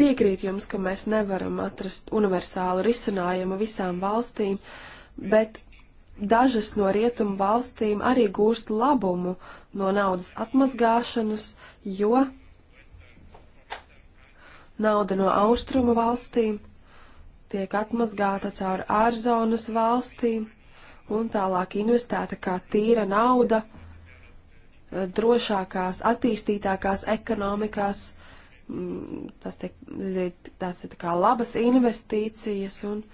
piekrītu jums, ka mēs nevaram atrast universālu risinājumu visām valstīm, bet dažas no rietumu valstīm arī gūst labumu no naudas atmazgāšanas, jo Nauda no austrumu valstīm tiek atmazgāta caur ārzonas valstīm un tālāk investēta kā tīra nauda eh, drošākās, attīstītākās ekonomikās. Mm, tas, tiek, tas ir tā kā labas investīcijas un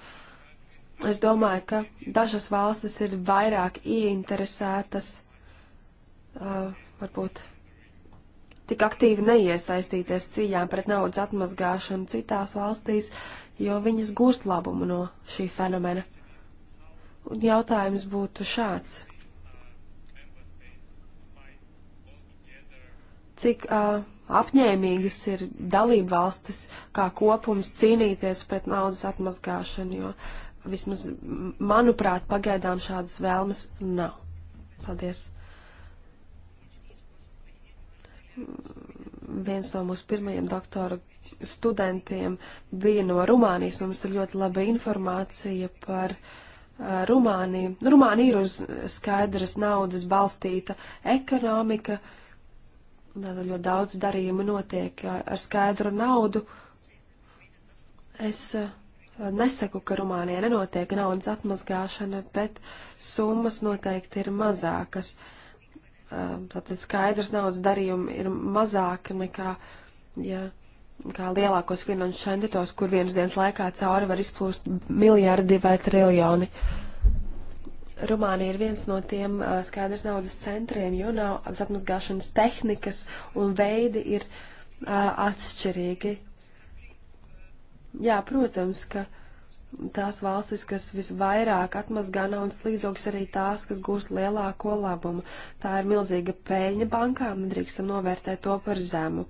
es domāju, ka dažas valstis ir vairāk ieinteresētas, uh, varbūt tik aktīvi neiesaistīties cīņā pret naudas atmazgāšanu citās valstīs, jo viņas gūst labumu no šī fenomena. Un jautājums būtu šāds. Cik uh, apņēmīgas ir dalību valstis kā kopums cīnīties pret naudas atmazgāšanu, jo vismaz, manuprāt, pagaidām šādas vēlmes nav. Paldies! Viens no mūsu pirmajiem doktora studentiem bija no Rumānijas. Mums ir ļoti laba informācija par uh, Rumāniju. Rumānija ir uz skaidras naudas balstīta ekonomika. Tātad ļoti daudz darījumu notiek ar skaidru naudu. Es uh, nesaku, ka Rumānijā nenotiek naudas atmazgāšana, bet summas noteikti ir mazākas. Uh, tātad skaidrs naudas darījumi ir mazāki nekā, ja, kā lielākos finanšu entitos, kur vienas dienas laikā cauri var izplūst miljardi vai triljoni. Rumānija ir viens no tiem skaidrs naudas centriem, jo naudas atmazgāšanas tehnikas un veidi ir atšķirīgi. Jā, protams, ka uh, tās valstis, kas visvairāk atmazgā naudas līdzokļus, arī tās, kas gūs lielāko labumu. Tā ir milzīga peļņa bankām, nedrīkstam novērtēt to par zemu.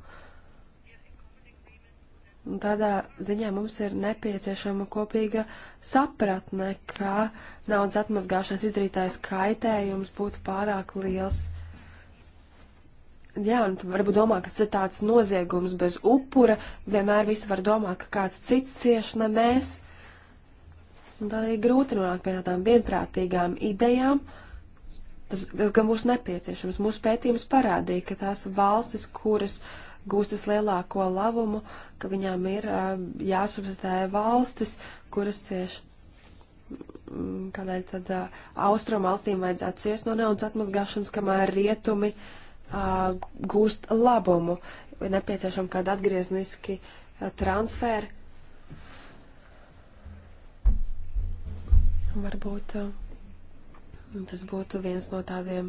Un tādā ziņā mums ir nepieciešama kopīga sapratne, ka naudas atmazgāšanas izdarītais kaitējums būtu pārāk liels. Jā, un varbūt domā, ka tas ir tāds noziegums bez upura, vienmēr visi var domāt, ka kāds cits cieš, ne mēs Tad ir grūti nonākt pie tādām vienprātīgām idejām. Tas, tas gan būs nepieciešams. Mūsu pētījums parādīja, ka tās valstis, kuras gūstas lielāko labumu, ka viņām ir jāsubsidē valstis, kuras cieši mm, kādēļ tad uh, austrumu valstīm vajadzētu ciest no naudas atmazgāšanas, kamēr rietumi uh, gūst labumu. Ir nepieciešama kāda atgriezniski uh, transferi, Varbūt eh, tas būtu viens no tādiem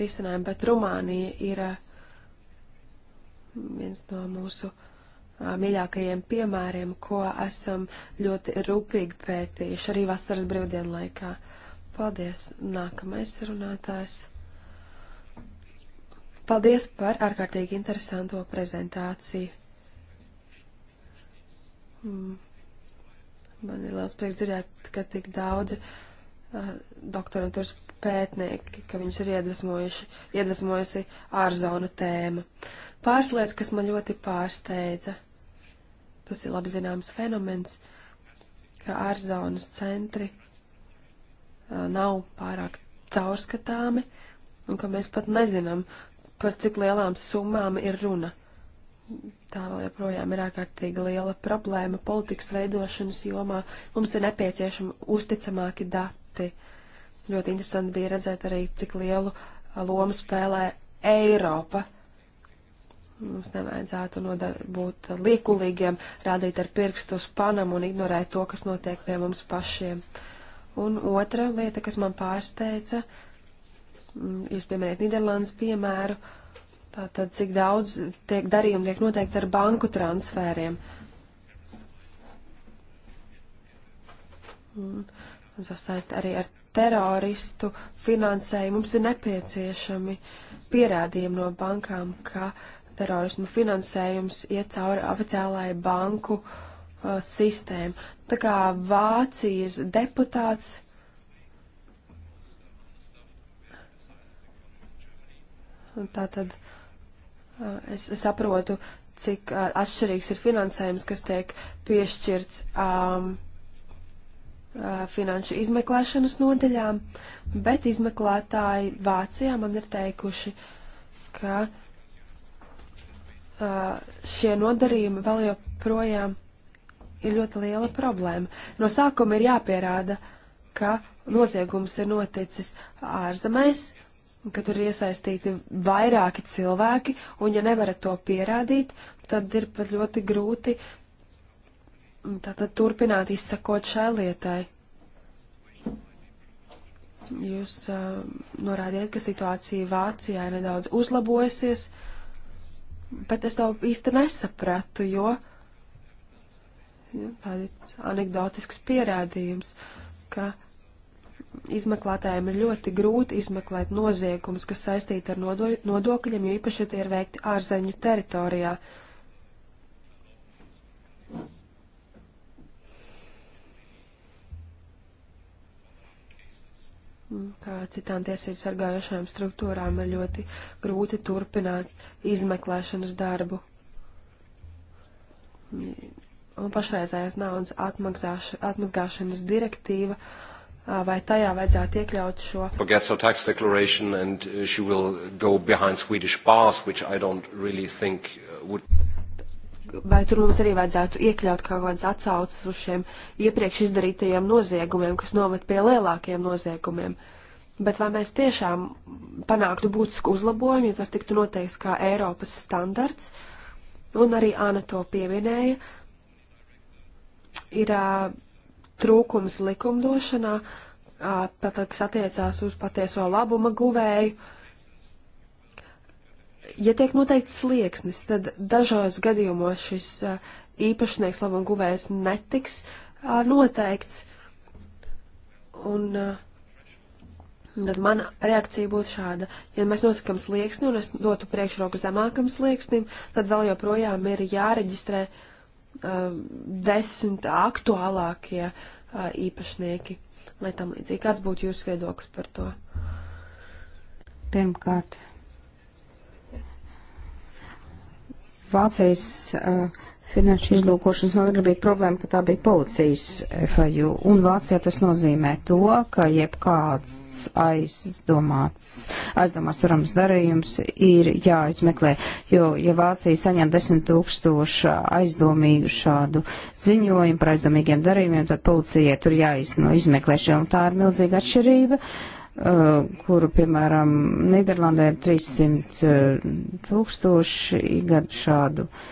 risinājumiem, bet Rumānija ir eh, viens no mūsu eh, mīļākajiem piemēriem, ko esam ļoti rūpīgi pētījuši arī vasaras brīvdienu laikā. Paldies! Nākamais runātājs. Paldies par ārkārtīgi interesanto prezentāciju. Mm Man ir liels prieks dzirdēt, ka tik daudzi uh, doktorantūras pētnieki, ka viņus ir iedvesmojusi ārzonu tēma. Pāris lietas, kas man ļoti pārsteidza. Tas ir labi zināms fenomens, ka ārzonas centri uh, nav pārāk caurskatāmi un ka mēs pat nezinām, par cik lielām summām ir runa. Uh, tā vēl joprojām ir ārkārtīgi liela problēma politikas veidošanas jomā. Mums ir nepieciešami uzticamāki dati. Ļoti interesanti bija redzēt arī, cik lielu lomu spēlē Eiropa. Mums nevajadzētu nodar, būt liekulīgiem, rādīt ar pirkstu uz panam un ignorēt to, kas notiek pie mums pašiem. Un otra lieta, kas man pārsteidza, mm, jūs pieminējat Nīderlandes piemēru, uh, Tātad, cik daudz tiek darījumu tiek noteikti ar banku transfēriem. Un tas saist arī ar teroristu finansējumu. Mums ir nepieciešami pierādījumi no bankām, ka terorismu finansējums iet cauri oficiālai banku uh, sistēmu. Tā kā Vācijas deputāts Tātad Eh, es saprotu, cik eh, atšķirīgs ir finansējums, kas tiek piešķirts um, eh, finanšu izmeklēšanas nodeļām, bet izmeklētāji Vācijā man ir teikuši, ka uh, šie nodarījumi vēl joprojām ir ļoti liela problēma. No sākuma ir jāpierāda, ka noziegums ir noticis ārzemēs, ka tur ir iesaistīti vairāki cilvēki, un ja nevarat to pierādīt, tad ir pat ļoti grūti mm, tātad turpināt izsakot šai lietai. Jūs uh, norādījat, ka situācija Vācijā ir nedaudz uzlabojusies, bet es to īsti nesapratu, jo ja, tāds anegdotisks pierādījums, ka uh, izmeklētājiem ir ļoti grūti izmeklēt noziegumus, kas saistīti ar nodo nodokļiem, jo īpaši tie ir veikti ārzemju teritorijā. Kā citām tiesību sargājošajām struktūrām ir ļoti grūti turpināt izmeklēšanas darbu. Un pašreizējais naudas atmazgāšanas direktīva uh, vai tajā vajadzētu iekļaut šo. Forgets her tax declaration and uh, she will go behind Swedish bars, which I don't really think uh, would. Vai tur mums arī vajadzētu iekļaut kaut kādas atsauces uz šiem iepriekš izdarītajiem noziegumiem, kas noved pie lielākiem noziegumiem? Bet vai mēs tiešām panāktu būtisku uzlabojumu, ja tas tiktu noteikts kā Eiropas standarts? Un arī Ana to pieminēja. Ir uh, trūkums likumdošanā, tātad, kas attiecās uz patieso labuma guvēju. Ja tiek noteikts slieksnis, tad dažos gadījumos šis īpašnieks labuma guvējs netiks noteikts. Un tad mana reakcija būtu šāda. Ja mēs nosakam slieksni un es dotu priekšroku zemākam slieksnim, tad vēl joprojām ir jāreģistrē uh, Uh, desmit aktuālākie uh, īpašnieki, lai tam līdzīgi. Kāds būtu jūsu viedoklis par to? Pirmkārt, Vācijas uh, Finanšu izlūkošanas nodaļa bija problēma, ka tā bija policijas FAU, un Vācijā tas nozīmē to, ka jebkāds aizdomāts, aizdomāts turams darījums ir jāizmeklē, jo, ja Vācija saņem 10 tūkstošu aizdomīgu šādu ziņojumu par aizdomīgiem darījumiem, tad policijai tur jāizno izmeklēšana, un tā ir milzīga atšķirība. Uh, kuru, piemēram, Nīderlandē ir 300 uh, tūkstoši gadu šādu uh,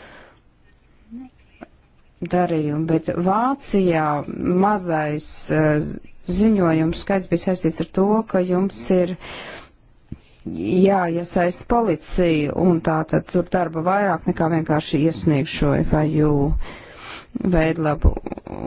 darījumi, bet Vācijā mazais eh, ziņojums skaits bija saistīts ar to, ka jums ir jāiesaist policija un tā tad tur darba vairāk nekā vienkārši iesniegšo FIU veidlabu.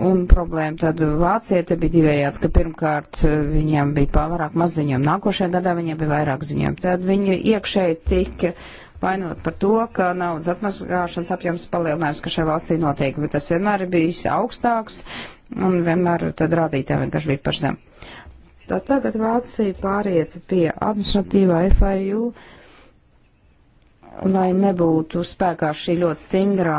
Un problēma tad Vācijai te bija divējādi, ka pirmkārt eh, viņiem bija pārāk maz ziņām, nākošajā gadā viņiem bija vairāk ziņām. Tad viņi iekšēji tika vainot par to, ka naudas atmazgāšanas apjoms palielinājums, ka šai valstī notiek, bet tas vienmēr ir bijis augstāks un vienmēr tad rādītāji vienkārši bija par zem. Tad tagad Vācija pāriet pie administratīvā FIU, lai nebūtu spēkā šī ļoti stingrā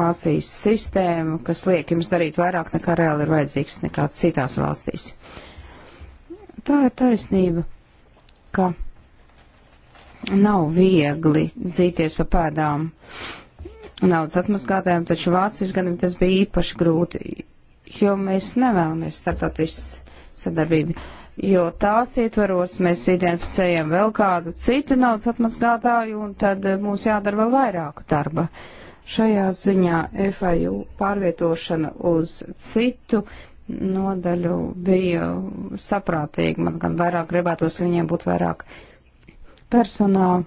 Vācijas sistēma, kas liek jums darīt vairāk nekā reāli ir vajadzīgs nekā citās valstīs. Tā ir taisnība, ka nav viegli dzīties pa pēdām naudas atmaskātājiem, taču Vācijas gadiem tas bija īpaši grūti, jo mēs nevēlamies startautisku sadarbību, jo tās ietvaros mēs identificējam vēl kādu citu naudas atmaskātāju un tad eh, mums jādara vēl vairāku darba. Šajā ziņā FIU pārvietošana uz citu nodaļu bija saprātīga, man gan vairāk gribētos, viņiem būtu vairāk personālu.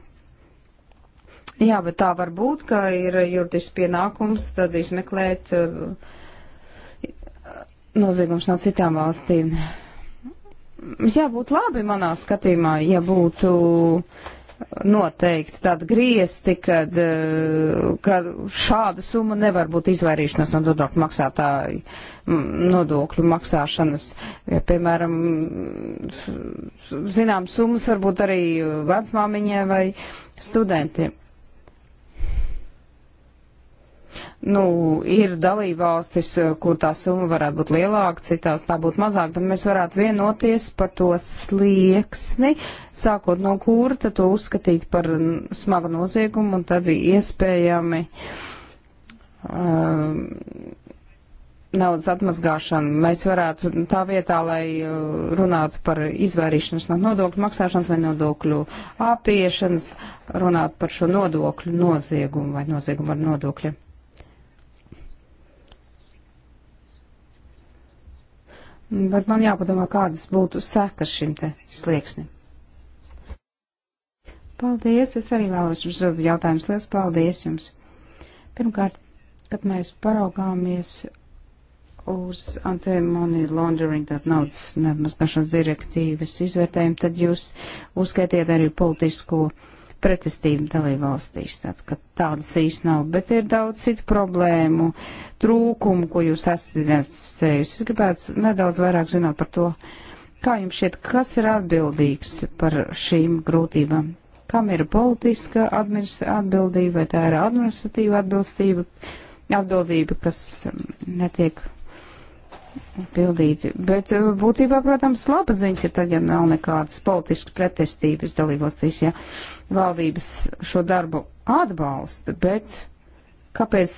Jā, bet tā var būt, ka ir juridisks pienākums tad izmeklēt eh, noziegums no citām valstīm. Jā, būtu labi manā skatījumā, ja būtu noteikti tādi griezti, kad, eh, kad šāda summa nevar būt izvairīšanās no nodokļu maksātāju nodokļu maksāšanas. Ja, piemēram, zinām, summas varbūt arī vecmāmiņai vai studentiem. Nu, ir dalībvalstis, eh, kur tā summa varētu būt lielāka, citās tā būtu mazāka, bet mēs varētu vienoties par to slieksni, sākot no kurta to uzskatīt par smagu noziegumu un tad iespējami um, naudas atmazgāšanu. Mēs varētu tā vietā, lai eh, runātu par izvairīšanos no nodokļu maksāšanas vai nodokļu apiešanas, runāt par šo nodokļu noziegumu vai noziegumu ar nodokļiem. Bet man jāpadomā, kādas būtu sekas šim te slieksnim. Paldies, es arī vēlos jums uzdot jautājumus. Lielas paldies jums. Pirmkārt, kad mēs paraugāmies uz anti-money laundering, tad naudas neatmaskāšanas direktīvas izvērtējumu, tad jūs uzskaitiet arī politisko uh, pretestību dalībvalstīs, tad, ka tādas īsti nav, bet ir daudz citu problēmu, trūkumu, ko jūs esat identificējusi. Es gribētu nedaudz vairāk zināt par to, kā jums šķiet, kas ir atbildīgs par šīm grūtībām. Kam ir politiska atbildība, vai tā ir administratīva atbildība, atbildība, kas mm, netiek pildīti. Bet uh, būtībā, protams, laba ziņas ir tad, ja nav nekādas politiskas pretestības dalībvalstīs, ja valdības šo darbu atbalsta, bet kāpēc,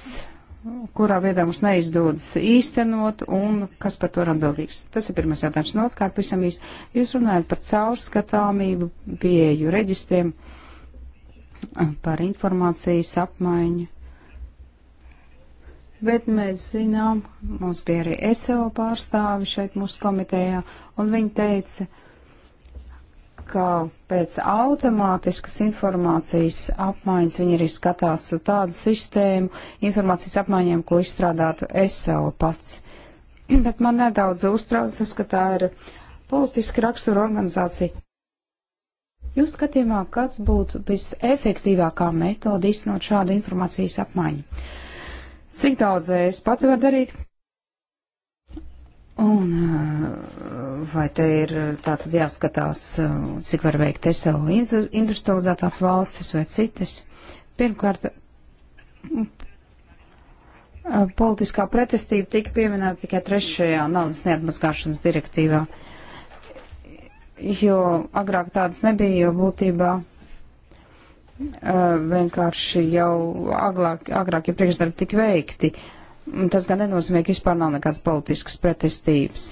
kurā veidā mums neizdodas īstenot un kas par to ir atbildīgs? Tas ir pirmais jautājums. No otrkārt, pavisam īsti, jūs runājat par caurskatāmību, pieeju reģistriem, par informācijas apmaiņu Bet mēs zinām, mums bija arī ESO pārstāvi šeit mūsu komitejā, un viņi teica, ka pēc automātiskas informācijas apmaiņas viņi arī skatās uz tādu sistēmu informācijas apmaiņām, ko izstrādātu ESO pats. Bet man nedaudz uztrauc tas, ka tā ir politiski rakstura organizācija. Jūs skatījumā, kas būtu visefektīvākā metoda iznot šādu informācijas apmaiņu? cik daudz es pati varu darīt. Un eh, vai te ir tātad jāskatās, eh, cik var veikt te savu industrializētās valstis vai citas? Pirmkārt, eh, politiskā pretestība tika pieminēta tikai trešajā naudas neatmazgāšanas direktīvā, jo agrāk tādas nebija, jo būtībā Uh, vienkārši jau aglāk, agrāk ir priekšdarbi tik veikti. Tas gan nenozīmē, ka vispār nav nekādas politiskas pretestības.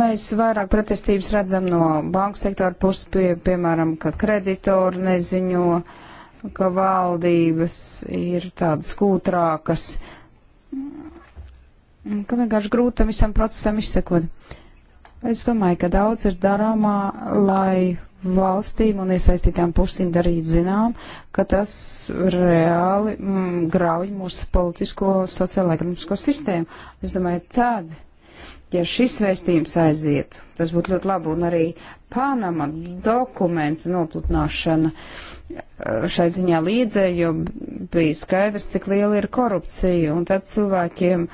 Mēs vairāk pretestības redzam no banku sektora puses, pie, piemēram, ka kreditori neziņo, ka valdības ir tādas kūtrākas, ka vienkārši grūtam visam procesam izsekot. Es domāju, ka daudz ir darāmā, lai valstīm un iesaistītām pusīm darīt zinām, ka tas reāli mm, grauj mūsu politisko sociālo-ekonomisko sistēmu. Es domāju, tad, ja šis vēstījums aizietu, tas būtu ļoti labi un arī Panama dokumenta noplutināšana eh, šai ziņā līdzēja, jo bija skaidrs, cik liela ir korupcija un tad cilvēkiem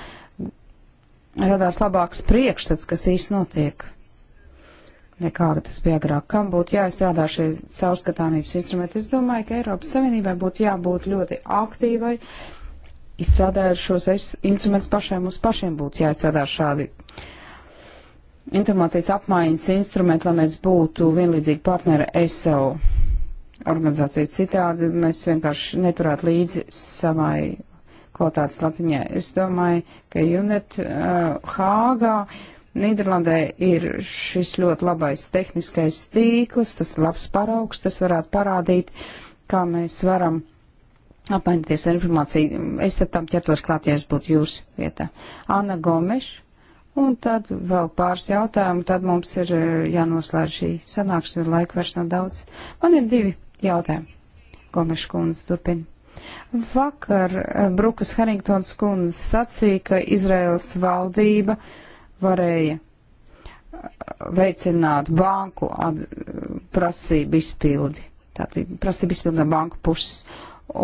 radās labāks priekšstats, kas īsti notiek nekā tas bija agrāk. Kam būtu jāizstrādā šie caurskatāmības instrumenti? Es domāju, ka Eiropas Savienībai būtu jābūt ļoti aktīvai, izstrādājot šos instrumentus pašiem, mums pašiem būtu jāizstrādā šādi informācijas apmaiņas instrumenti, lai mēs būtu vienlīdzīgi partneri ESO organizācijas citādi, mēs vienkārši neturētu līdzi savai kvalitātes latiņai. Es domāju, ka UNET uh, Hāgā uh, Nīderlandē ir šis ļoti labais tehniskais tīkls, tas ir labs paraugs, tas varētu parādīt, kā mēs varam apmainīties ar informāciju. Es tad tam ķertos klāt, ja es būtu jūsu vietā. Anna Gomeša, un tad vēl pāris jautājumu, tad mums ir eh, jānoslēdz šī sanāksme, jo laika vairs nav daudz. Man ir divi jautājumi. Gomeša kundze turpina. Vakar eh, Brukas Haringtons kundze sacīja, ka Izraels valdība uh, varēja uh, veicināt banku prasību izpildi. Tātad prasību izpildi no banku puses.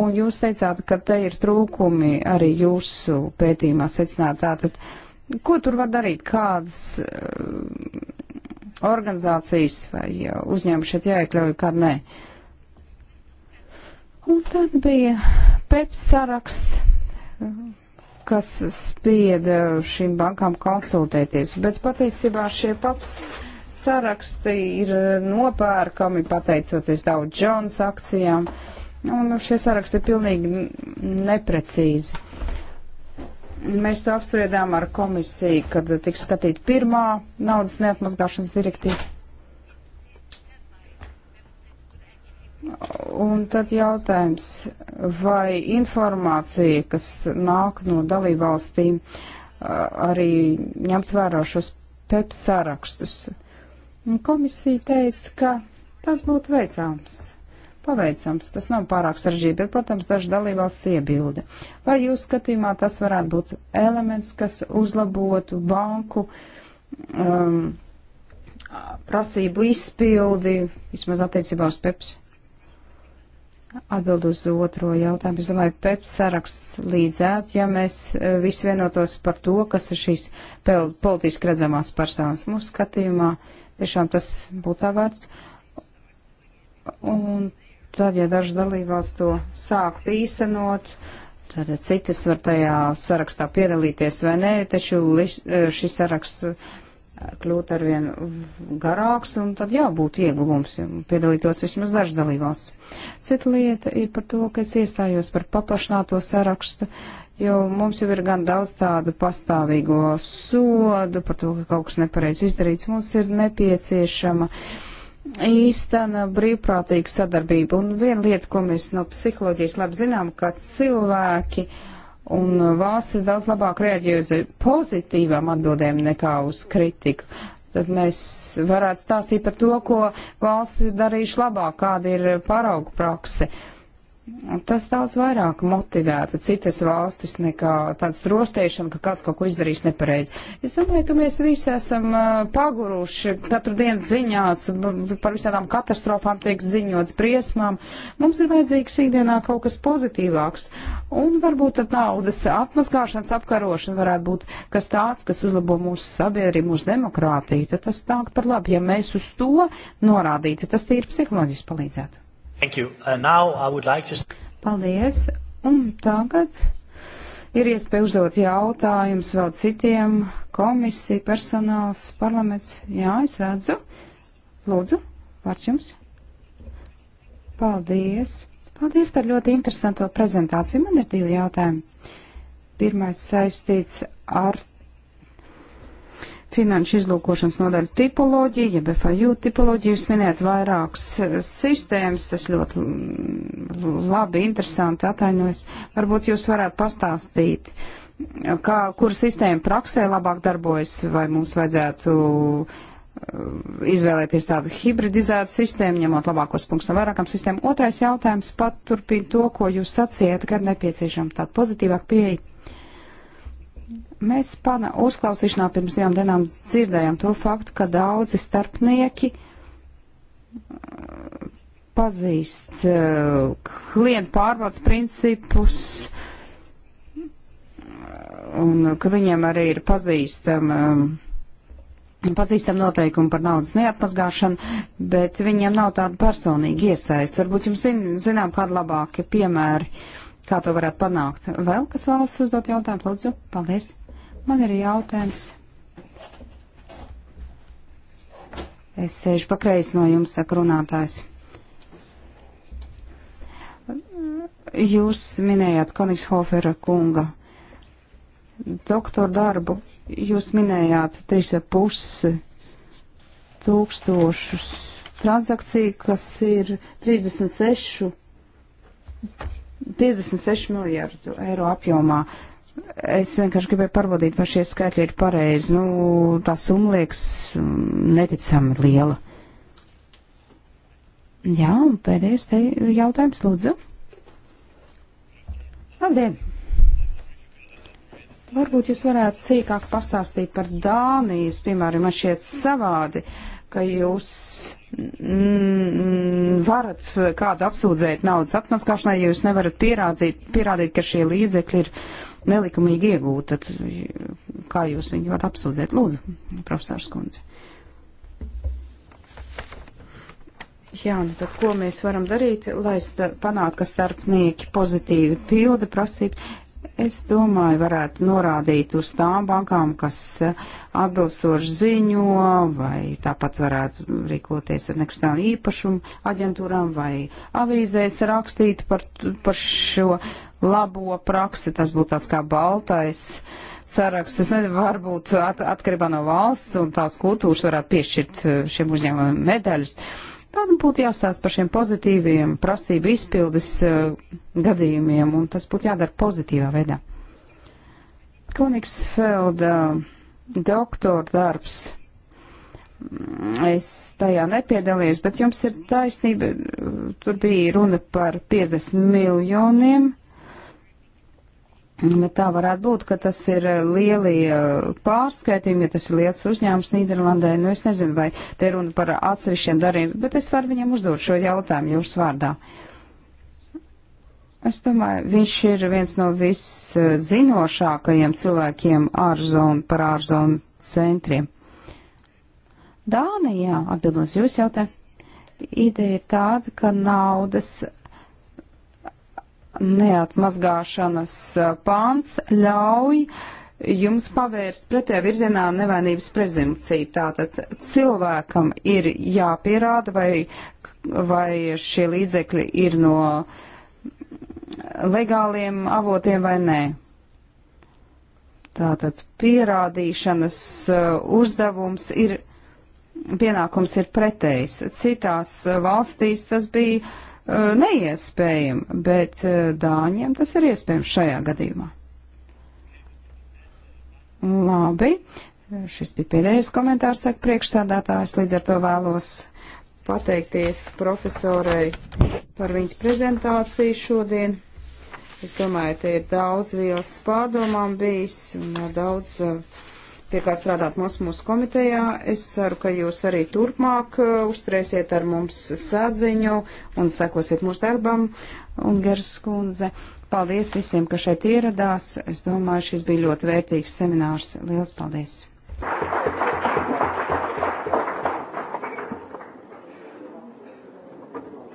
Un jūs teicāt, ka te ir trūkumi arī jūsu pētījumā secināt. Tātad, ko tur var darīt? Kādas uh, organizācijas vai uzņēmumi šeit jāiekļauj, kad nē? Un tad bija PEP saraksts kas spieda šīm bankām konsultēties, bet patiesībā šie paps saraksti ir nopērkami pateicoties daudz Jones akcijām, un šie saraksti ir pilnīgi neprecīzi. Mēs to apspriedām ar komisiju, kad tiks skatīt pirmā naudas neatmazgāšanas direktīva. Un tad jautājums, vai informācija, kas nāk no dalībvalstīm, arī ņemt vērā šos PEP sarakstus. Komisija teica, ka tas būtu veicams, paveicams, tas nav pārāk saržģīti, bet, protams, daži dalībvalsts iebilda. Vai jūs skatījumā tas varētu būt elements, kas uzlabotu banku um, prasību izpildi, vismaz attiecībā uz PEPS? Atbild uz otro jautājumu. Es domāju, PEP saraksts līdzētu, ja mēs e, visi vienotos par to, kas ir šīs politiski redzamās personas. Mūsu skatījumā tiešām tas būtu tā vērts. Un tad, ja daži dalībvalsts to sāktu īstenot, tad citas var tajā sarakstā piedalīties vai nē, taču e, šis saraksts kļūt arvien garāks, un tad jau būtu ieguvums, ja piedalītos vismaz dažs dalībās. Cita lieta ir par to, ka es iestājos par paplašināto sarakstu, jo mums jau ir gan daudz tādu pastāvīgo sodu par to, ka kaut kas nepareiz izdarīts. Mums ir nepieciešama īstena brīvprātīga sadarbība, un viena lieta, ko mēs no psiholoģijas labi zinām, ka cilvēki, uh, Un uh, valstis daudz labāk rēģē uz pozitīvām atbildēm nekā uz kritiku. Tad mēs varētu stāstīt par to, ko valsts ir darījuši labāk, kāda ir paraugu prakse. Uh, Tas daudz vairāk motivētu citas valstis nekā tāds drostēšana, ka kāds kaut ko izdarīs nepareizi. Es domāju, ka mēs visi esam paguruši katru dienu ziņās, par visādām katastrofām tiek ziņots, briesmām. Mums ir vajadzīgs ikdienā kaut kas pozitīvāks. Un varbūt tad naudas apmazgāšanas apkarošana varētu būt kas tāds, kas uzlabo mūsu sabiedrību, mūsu demokrātiju. Tad tas nāk par labu, ja mēs uz to norādītu. Tas tīri psiholoģiski palīdzētu. Thank you. Uh, now I would like to... Paldies. Un tagad ir iespēja uzdot jautājumus vēl citiem komisija, personāls, parlaments. Jā, es redzu. Lūdzu, vārds jums. Paldies. Paldies par ļoti interesanto prezentāciju. Man ir divi jautājumi. Pirmais saistīts ar finanšu izlūkošanas nodaļu tipoloģiju, jeb FIU tipoloģiju. Jūs minējat vairākas eh, sistēmas, tas ļoti labi, interesanti atainojas. Varbūt jūs varētu pastāstīt, kā, kur sistēma praksē labāk darbojas, vai mums vajadzētu eh, izvēlēties tādu hibridizētu sistēmu, ņemot labākos punktus no vairākām sistēmām. Otrais jautājums pat turpina to, ko jūs sacījāt, kad nepieciešama tāda pozitīvāka pieeja Mēs pana uzklausīšanā pirms divām dienām dzirdējām to faktu, ka daudzi starpnieki uh, pazīst uh, klientu pārvaldes principus, uh, un ka viņiem arī ir pazīstama um, pazīstam noteikumi par naudas neatmazgāšanu, bet viņiem nav tāda personīga iesaist. Varbūt jums zin, zinām kādi labāki piemēri, kā to varētu panākt. Vēl kas vēlas uzdot jautājumu? Lūdzu, paldies. Man ir jautājums. Es sēžu pakreiz no jums, saka runātājs. Jūs minējāt Konigshofera kunga doktoru darbu. Jūs minējāt 3,5 tūkstošus transakciju, kas ir 36, 56 miljārdu eiro apjomā. Es vienkārši gribēju pārbaudīt, vai šie skaitļi ir pareizi. Nu, tā summa liekas mm, neticami liela. Jā, un pēdējais te jautājums, lūdzu. Labdien! Varbūt jūs varētu sīkāk pastāstīt par Dānijas, piemēram, man šķiet savādi, ka jūs mm, varat kādu apsūdzēt naudas atmaskāšanai, ja jūs nevarat pierādīt, pierādīt, ka šie līdzekļi ir nelikumīgi iegūta, tad kā jūs viņu varat apsūdzēt? Lūdzu, profesors Kundze. Jā, nu tad ko mēs varam darīt, lai panāktu, ka starpnieki pozitīvi pilda prasību? Es domāju, varētu norādīt uz tām bankām, kas eh, atbilstoši ziņo, vai tāpat varētu rīkoties ar nekustāmu īpašumu aģentūrām, vai avīzēs rakstīt par, par šo labo praksi, tas būtu tāds kā baltais saraksts. Es nezinu, varbūt at, atkarībā no valsts un tās kultūras varētu piešķirt eh, šiem uzņēmumiem medaļas. Tad nu būtu jāstāsta par šiem pozitīviem prasību izpildes uh, gadījumiem, un tas būtu jādara pozitīvā veidā. Konigsfelda doktora darbs. Es tajā nepiedalījos, bet jums ir taisnība. Tur bija runa par 50 miljoniem uh, Nu, bet tā varētu būt, ka tas ir eh, lieli eh, pārskaitījumi, ja tas ir liels uzņēmums Nīderlandē. Nu, es nezinu, vai te runa par atsevišķiem darījumiem, bet es varu viņam uzdot šo jautājumu jūsu vārdā. Es domāju, viņš ir viens no viszinošākajiem cilvēkiem ārzonu par ārzonu centriem. Dānijā, atbildot jūs jautājumu, ideja ir tāda, ka naudas neatmazgāšanas pāns ļauj jums pavērst pretējā virzienā nevainības prezumciju. Tātad cilvēkam ir jāpierāda, vai, vai šie līdzekļi ir no legāliem avotiem vai nē. Tātad pierādīšanas uzdevums ir, pienākums ir pretējs. Citās valstīs tas bija uh, Eh, neiespējami, bet eh, dāņiem tas ir iespējams šajā gadījumā. Labi, šis bija pēdējais komentārs, saka priekšsādātājs, līdz ar to vēlos pateikties profesorai par viņas prezentāciju šodien. Es domāju, te ir daudz vielas pārdomām bijis un eh, daudz uh, pie kā strādāt mums mūsu komitejā. Es ceru, ka jūs arī turpmāk uh, uzturēsiet ar mums saziņu un sekosiet mūsu darbam. Un Gers kundze, paldies visiem, ka šeit ieradās. Es domāju, šis bija ļoti vērtīgs seminārs. Lielas paldies!